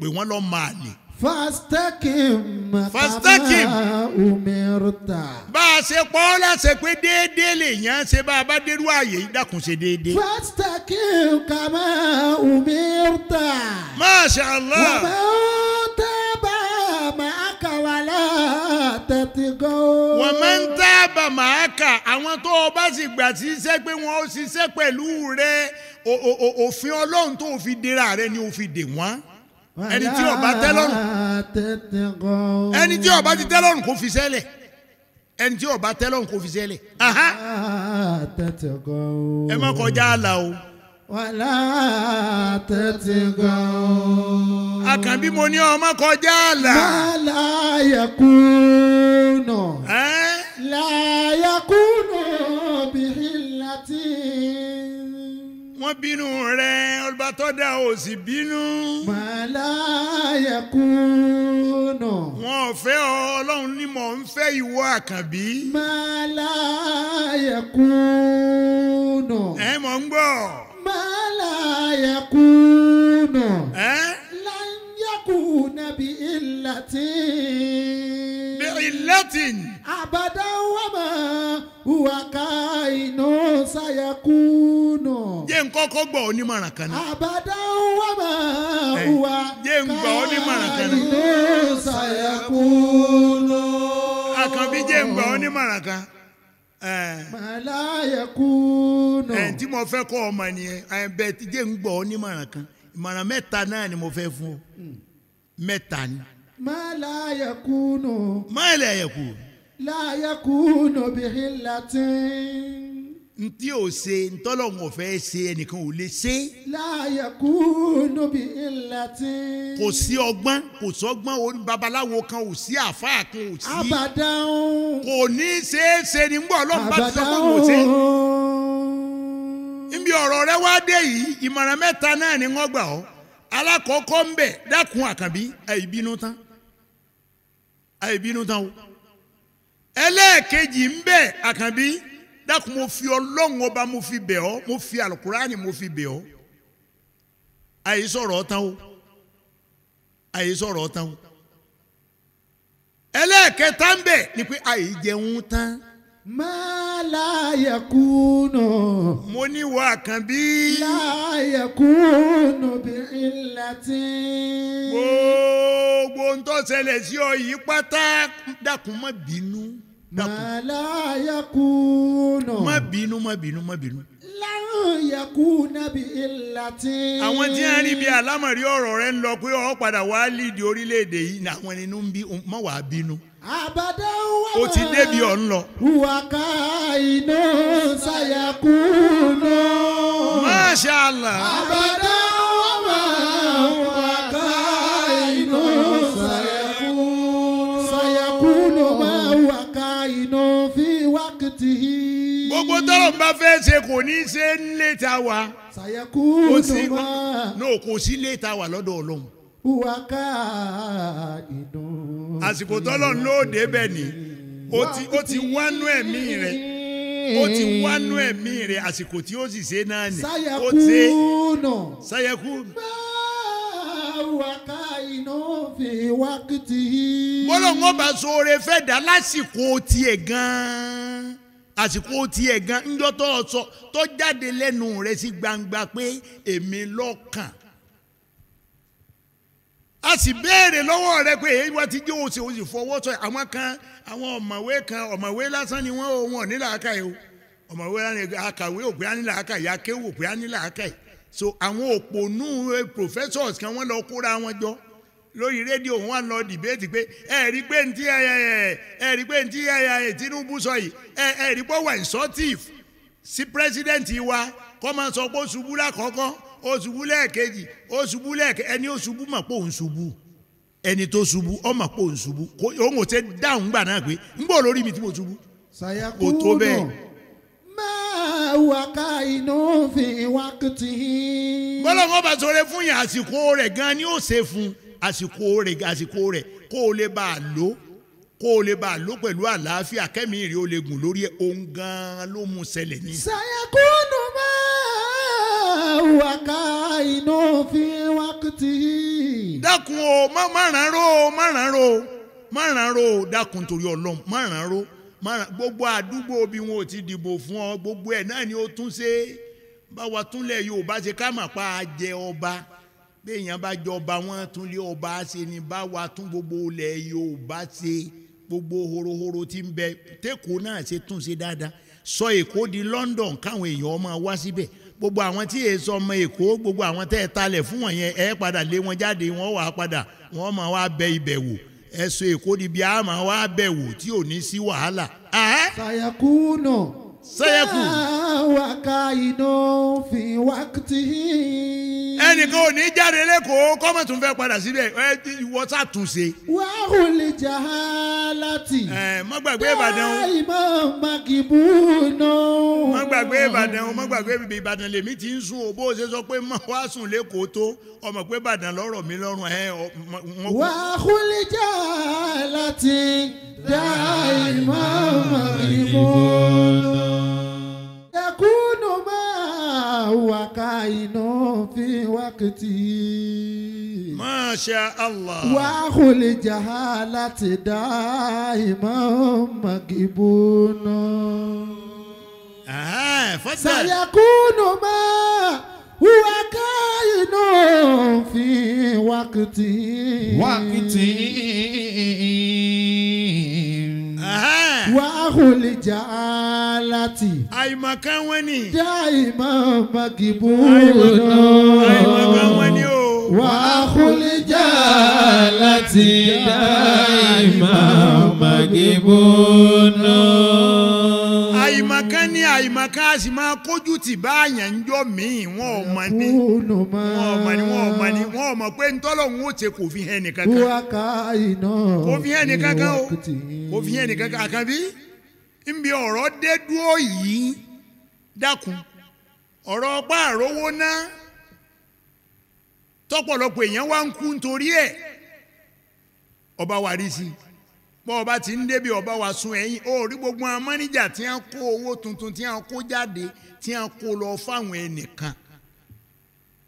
pé wọ́n lọ́ọ́ máa lè. Fastakim fastaqim umirta. bá a ṣe pọ́ láṣẹ pé déédéé lè yàn án ṣe bá a bá dérú ààyè ìdákun ṣe déédéé. fastaqim kama umirta. masha allah. wà á máa tábà máa kà wà látẹ̀tìgọ́. wà á máa tábà máa kà àwọn tó o bá sì gbà síṣẹ́ pé wọ́n ṣiṣẹ́ pẹ̀lú rẹ òfin ọlọ́run tó o fi dira rẹ ni o fi dè wọ́n ẹni tí ó bá tẹ́ lọ́rùn ẹni tí ó bá ti tẹ́ lọ́rùn kò fi sẹ́lẹ̀ ẹni tí ó bá tẹ́ kò fi sẹ́lẹ̀ ẹ má kọjá àlà o. wàlá mo ní ọmọ kọjá àlà. wàlá yakuna. la yakuna bihilati. wọ́n bínú rẹ̀ ọba tó sì bínú. máa yakunu. wọn ò fẹ́ ọ ọlọ́run ni mò ń fẹ́ ìwọ àkànbí. máa la ẹ mọ̀ ń gbọ́. máa la ẹ. lan yakuna bi illatin. bi illatin. abadan wa ma huwa kainu jẹ́ n kọ́kọ́ gbọ́ ọ nímọ̀ràn kan náà. àbádá wà máa wà jẹ́ n gbọ́ ọ nímọ̀ràn kan náà. káyọ̀ ló ṣàyẹ̀kú lọ. àkànbí jẹ́ n gbọ́ ọ nímọ̀ràn kan. màláyẹ̀kú nù. ẹ̀ tí mo fẹ́ kọ́ ọmọ nìyẹn ẹ̀ bẹ́ẹ̀ tí jẹ́ n gbọ́ ọ kan ìmọ̀ràn mẹ́ta náà ni mo fẹ́ fún ọ hmm. mẹ́ta ni. màláyẹ̀kú nù. màláyẹ̀kú. láyẹ̀kú nù bìrì latin ntí o ṣe ntọ́lọ́hún ọ̀fẹ́ se ẹnìkan ò lè ṣe. láàyè kú níbi ilẹ̀ tí. kò sí ọgbọ́n kò sọgbọ́n babaláwo kan ò sí àáfàá kan ò sí. abadáhùn. kò ní í ṣe é ṣe ní gbọ́ ọlọ́run bá ti sọ pé kò ṣe. níbi ọ̀rọ̀ rẹ wá dé yìí ìmọ̀ràn mẹ́ta náà ni wọ́n gbà ọ́ alákọ̀ọ́kọ́ ń bẹ̀ dákun àkànbí àìbínú tán àìbínú tán o ẹlẹ́ẹ̀kejì ń bẹ̀ àkànbí dákun mo fi ọlọ́run ọba mo fi bẹ̀ ọ́ mo fi alukurani mo fi bẹ̀ ọ́ àyè sọ̀rọ̀ ọ̀tán o àyè sọ̀rọ̀ ọ̀tán o ẹlẹ́ẹ̀kẹta ń bẹ̀ ni pé àyè jẹun tán. Máláyẹ̀kúnù. Mo ní ìwà àkànbí. Láyẹ̀kúnù bí ìlàtí. Gbogbo ń tó ṣẹlẹ̀ sí ọ yìí pátá dákun má bínú. Mala yakunu. má bínú má bínú má bínú. láwọn yakuna bí ìlàtí. àwọn tí wọ́n rí bí alámọ̀rí ọ̀rọ̀ rẹ̀ ń lọ pé ó padà wá lídìí orílẹ̀-èdè yìí ni àwọn inú bí mọ́ wàá bínú àbàdà wà. o ti débi ọ̀ ń lọ. wàkà iná ṣàyàkú náà. Masha Allah. tọ́lọ̀ bá fẹ́ ṣe kò ní ṣe ń lé ta wa. sàyẹ̀kú ló máa. náà kò sí lé ta wa lọ́dọ̀ ọlọ́run. wúwa ká ìdùn. àsìkò tọ́lọ̀ ló dé bẹ́ẹ̀ ni ó ti wánú ẹ̀mí rẹ̀ ó ti wánú ẹ̀mí rẹ̀ àsìkò tí ó sì ṣe náà ni. sàyẹ̀kú náà. sàyẹ̀kú. wúwa ká iná fi wákìtì. bọ́lọ̀ ń bá sóore fẹ́ dá lásìkò tiẹ̀ gan-an àsìkò tiẹ̀ gan ńjọ́ tó sọ tó jáde lẹ́nu rẹ̀ sí gbangba pé èmi lọ́kàn a sì béèrè lọ́wọ́ rẹ pé èyí wá ti jẹ́ òsì òsì fọwọ́ sọ àwọn kan àwọn ọ̀mọ̀wé kan ọ̀mọ̀wé lásán ni wọ́n ò wọ́n ní làákàyè o ọ̀mọ̀wé akàwé òpè á ní làákàyè akéwò òpè á ní làákàyè so àwọn òpònú eh, professors kan wọ́n lọ kóra wọn jọ lórí rédíò wọn lọ dìbéètì pé ẹ rí pé ntí ẹ ẹ rí pé ntí ẹ ẹ Tinubu sọ yìí ẹ ẹ rí pé wà insultive wa kọ́ máa sọ pé ó ṣubú lákọ̀ọ́kọ́ lẹ́ẹ̀kejì ó lẹ́ẹ̀kẹ́ ẹni ó ṣubú mọ̀ pé ṣubú ẹni tó ṣubú ọ mọ̀ pé òun ṣubú òun ò dáhùn gbà náà pé ń lórí gan-an àsìkò rẹ̀ àsìkò rẹ̀ kó o lè bá a lò kó o lè bá a lò pẹ̀lú àlàáfíà kẹ́mi rẹ̀ o lè gùn lórí ẹ̀ òun gan-an ló mú ṣẹlẹ̀ ní. sàyẹ̀kúnnù máa wà ká inú fi wákìtì. dákun o má má ràn ró má ràn ró dákun torí ọlọ́run má ràn gbogbo àdúgbò bí wọn ò ti dìbò fún ọ gbogbo ẹ̀ náà ni ó tún ṣe báwa túnlẹ̀ Yorùbá ṣe ká mà pa á jẹ ọba béèyàn bá jọba wọn tún lé ọba ṣe ni bá tún gbogbo ilẹ̀ Yorùbá ṣe gbogbo horohoro tí ń bẹ tẹ́kọ̀ọ́ náà ṣe tún ṣe dáadáa sọ Èkó di London káwọn èèyàn máa wá síbẹ̀ gbogbo àwọn tí èè sọ ọmọ Èkó gbogbo àwọn tẹ́ ẹ talẹ̀ fún wọn yẹn ẹ padà lé wọn jáde wọn wà padà wọn máa wá bẹ ibẹ̀ wò ẹ Èkó di bí a wá bẹ̀ wò tí ò ní sí wàhálà. sàyàkúnù sẹ́yẹ́kù. wàkà iná fi wákìtì. ẹnìkan ò ní jáde lẹ́kọ̀ọ́ kọ́mọ̀ tún fẹ́ padà síbẹ̀ ẹ wọ́n sá tún ṣe. wà á ò lè jà á láti. ẹ mọ gbàgbé ìbàdàn o. ìmọ̀ màkìbù náà. mọ gbàgbé ìbàdàn o mọ gbàgbé ìbàdàn lèmi ti ń sùn o bó o ṣe sọ pé mọ wá sùn lẹ́kọ̀ọ́ tó ọmọ pé ìbàdàn lọ́rọ̀ mi lọ́rùn ẹ. ò lè jà á láti. دائما مغيب يكون ما هو كائن في وقتي ما شاء الله وأخو الجهالة دائما مغيبون سيكون ما هو كائن في وقته وقته wàhùlì jà á láti. àìmọ̀kan wọn ni. dá ìmọ̀ magibu lọ. àìmọ̀kan wọn ni o. wàhùlì jà á láti dá ìmọ̀ magibu lọ. àìmọ̀kan ni àìmọ̀kan a sì máa kójú tì bá àyàn ń jọ míì wọn ò mọ ní wọn ò mọ ní wọn ò mọ ní wọn ò mọ pé ntọ́lọ́hún ó ṣe kò fi hẹ́ nìkan kan kò fi hẹ́ nìkan kan o kò fi hẹ́ nìkan kan àkànbí nbí ọ̀rọ̀ dé yìí dákun ọ̀rọ̀ ọgbà àrówó ná tọ́pọ̀lọpọ̀ èèyàn wá ń kú nítorí ẹ̀ ọba wa sí i. pọ̀ ọba tí ń débi ọba wa sun ẹ̀yìn ó rí gbogbo àwọn máníjà tí wọ́n kó owó tuntun tí wọ́n kó jáde tí wọ́n kó lọ fáwọn ẹnìkan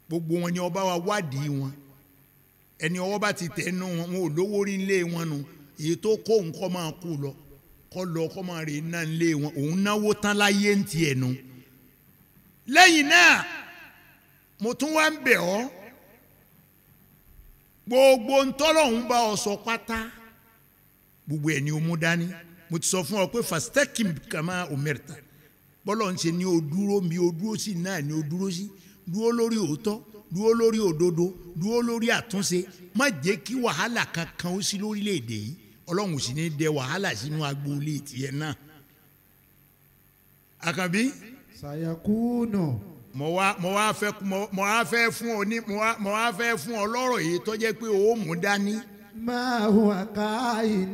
gbogbo wọn ni ọba wa wádìí wọn ẹni ọwọ́ bá ti tẹ̀ nù wọn wọn ò lówó rí nílé wọn nu èyí tó kó òun kọ́ máa kú lọ kọ́ lọ kọ́ máa rè ná nílé wọn òun náwó tán láyé ń tiẹ̀ nu lẹ́yìn náà mo tún wá ń bẹ̀ ọ́ gbogbo ntọ́lọ́hún bá ọ sọ pátá. gbogbo ẹ̀ ni o mú dání mo ti sọ fún ọ pé fàstẹ́kì kàmá omerta bọ́lọ̀ ń ṣe ni o dúró mi o dúró sí náà ni o dúró sí dúró lórí òótọ́ dúró lórí òdodo dúró lórí àtúnṣe má jẹ́ kí wàhálà kankan ó sí lórílẹ̀‐èdè yìí ọlọ́run ò sì ní dẹ wàhálà sínú agboolé tiẹ̀ náà. àkànbí. sàyàkúnà. mo wá mo wá fẹ́ fún ọ ní mo wá fẹ́ fún ọ lọ́rọ̀ yìí tó pé o ó mú dání. ما هو كائن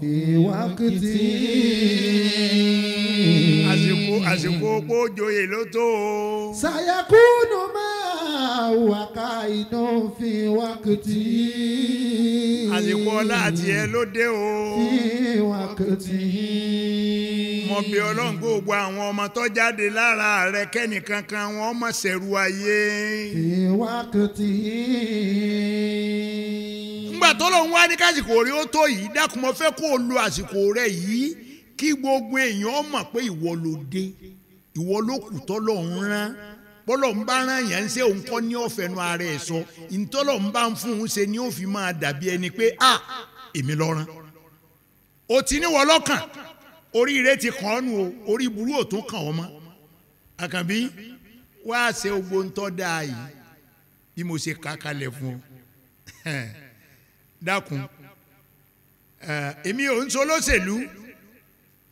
في وقته àsìkò àsìkò kó joyè ló tó. سيكون ما wàká iná fi wákàtí. àsìkò ọlá àti ẹ ló dé o. fi wákàtí. mo bí ọlọ́run gbogbo àwọn ọmọ tó jáde lára rẹ kẹ́nìkankan wọn mọ̀ sẹ̀rù ayé. fi wákàtí. ngbà tó lóun wá ní kásìkò rẹ ó tó yìí dákun mo fẹ́ kó o lo àsìkò rẹ yìí kí gbogbo èèyàn mọ̀ pé ìwọ ló dé ìwọ ló kù tọ́lọ́run rán. bọ́lọ̀ ń bá rán yẹn ń ṣe òun kọ́ ní ọ̀fẹ́nu ara ẹ̀ sọ ìtọ́lọ̀ ń bá ń fún un ṣe ni ó fi máa dàbí ẹni pé a èmi lọ́rán o ti ní wọ́n lọ́kàn oríire ti kàn ọ́ nù o orí burú ò tó kàn ọ́ mọ́ àkànbí wá ṣe ogbó ń tọ́ yìí bí mo ṣe kà kalẹ̀ fún ọ dákun èmi ò ń lóṣèlú.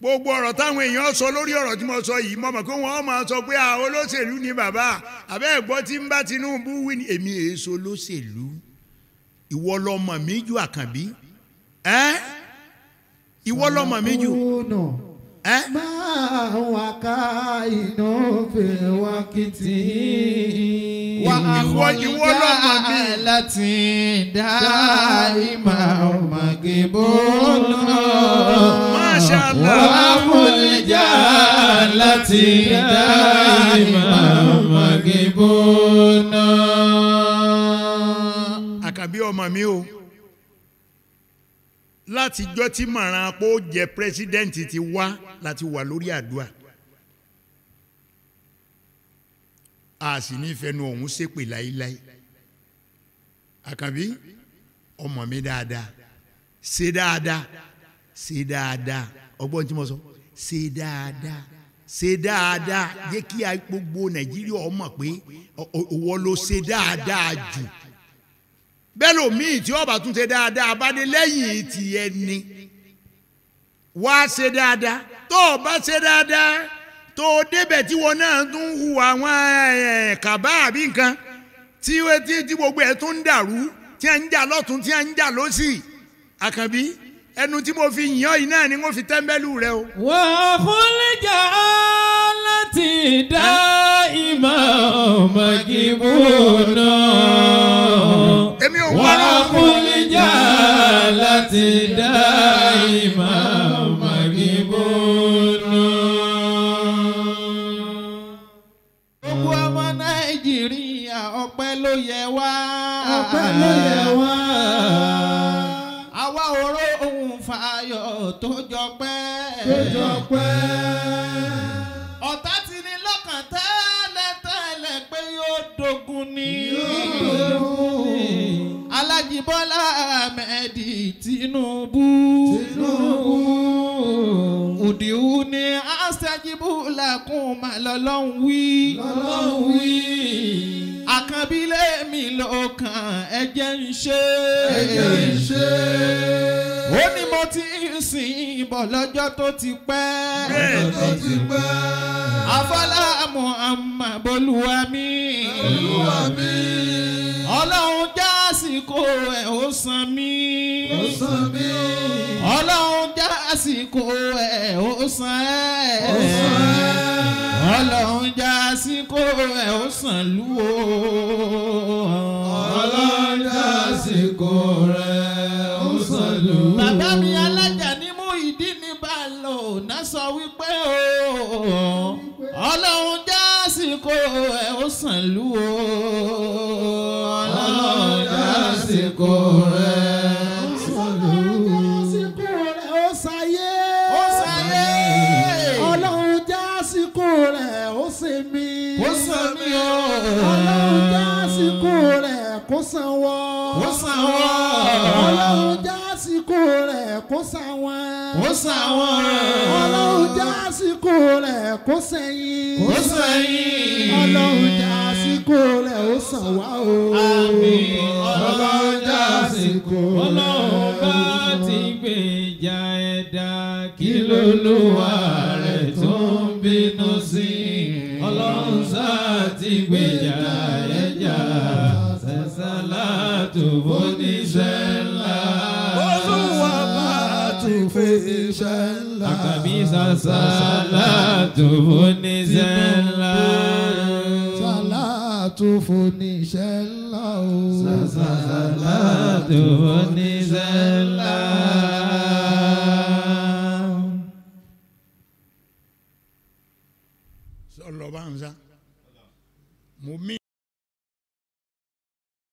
gbogbo ọ̀rọ̀ táwọn èèyàn sọ lórí ọ̀rọ̀ tí mo sọ yìí mo mọ̀ pé wọ́n máa sọ pé àwọn olóṣèlú ni bàbá àbẹ́ ẹ̀gbọ́ tí ń bá Tinubu wí ni èmi èso olóṣèlú ìwọ lọmọ mi ju àkànbí ẹ ìwọ lọmọ mi ju máa wà ká iná fẹ́ wá kìtì. ìwọ lọmọ mi. láti dá ìmọ̀ ọmọge bó lọ ṣàlà. wàhùnìjà láti dá ìmọ̀ gígbó náà. àkàbí ọmọ mi o látijọ́ tí màrán apó jẹ́ pírẹ́sídẹ́ǹtì ti wá láti wà lórí àdúrà a sì nífẹ̀ẹ́nu ọ̀hún ṣépè láíláí àkànbí ọmọ mi dáadáa ṣe dáadáa ṣe dáadáa ọgbọ́n tí mo sọ ṣe dáadáa ṣe dáadáa jẹ́ kí gbogbo nàìjíríà ọmọ pé òwò ló ṣe dáadáa jù bẹ́ẹ̀ lòmíì tí ọba tún ṣe dáadáa bá dé lẹ́yìn ti ẹni wá ṣe dáadáa tó o bá ṣe dáadáa tó o débẹ̀ tí wọn náà tún hu àwọn eh, kàbá àbí nǹkan tí gbogbo ẹ̀ tún ń dàrú tí a ń jà lọ́tún tí a ń jà lọ́sì àkànbí ẹnu tí mo fi yàn yìí náà ni mo fi tẹ́ḿbẹ́lú rẹ o. wà á kúlẹ̀jà láti dá ìmọ̀ ọmọgìbò náà. èmi ò wọ́n náà. wà á kúlẹ̀jà láti dá ìmọ̀ ọmọgìbò náà. gbogbo ọmọ nàìjíríà ọpẹ́ ló yẹ wá. ọpẹ́ ló yẹ wá ayọ̀ tó jọ pẹ́. tó jọ pẹ́. ọ̀tá ti ní lọ́kàn tẹ́lẹ̀ tẹ́lẹ̀ pé yóò dogun ni. yóò dogun ni. Alájì Ahmed Tinubu. Tinubu. Òdìwú ni aṣáájibú làkún mà lọ́lọ́hún wí. lọ́lọ́hún wí. Àkànbílẹ̀ mi lọ́kàn ẹ̀jẹ̀ ń ṣe. ẹ̀jẹ̀ ń ṣe tó ti ń sìn bọ̀ lọ́jọ́ tó ti pẹ́. lọ́jọ́ tó ti pẹ́. afọlá Muhammad bolúwa mi. bolúwa mi. ọlọ́run já àsìkò ẹ̀ ó san mí. ó san mí. ọlọ́run já àsìkò ẹ̀ ó san ẹ̀. ó san ẹ̀. ọlọ́run já àsìkò ẹ̀ ó san lú ọlọ́run já àsìkò rẹ̀ bàbá mi alájà ní mú ìdí ní balọ̀ ọ̀nà sọ wípé o ọlọ́run já síkò ẹ̀ ó sàn lú o. ọlọ́run já síkò ẹ̀ ó sàn lú o. ọlọ́run já síkò rẹ̀ rẹ̀ o. ọlọ́run kó sàn kó sàn àsìkò rẹ̀ kó sàwọn. kó sàwọn. ọlọ́run já àsìkò rẹ̀ kó sẹ́yìn. kó sẹ́yìn. ọlọ́run já àsìkò rẹ̀ ó sàn wá o. àmín ọlọ́run já àsìkò rẹ̀. ọlọ́run bá ti gbèjà ẹ̀dá kí lolúwa rẹ̀ tó ń bínú sí. ọlọ́run sá ti gbèjà ẹ̀dá sẹ́sálà tó bójú. سلا أكبيس صلاة فني سلا صلاة فني صلاة فني سلا Solo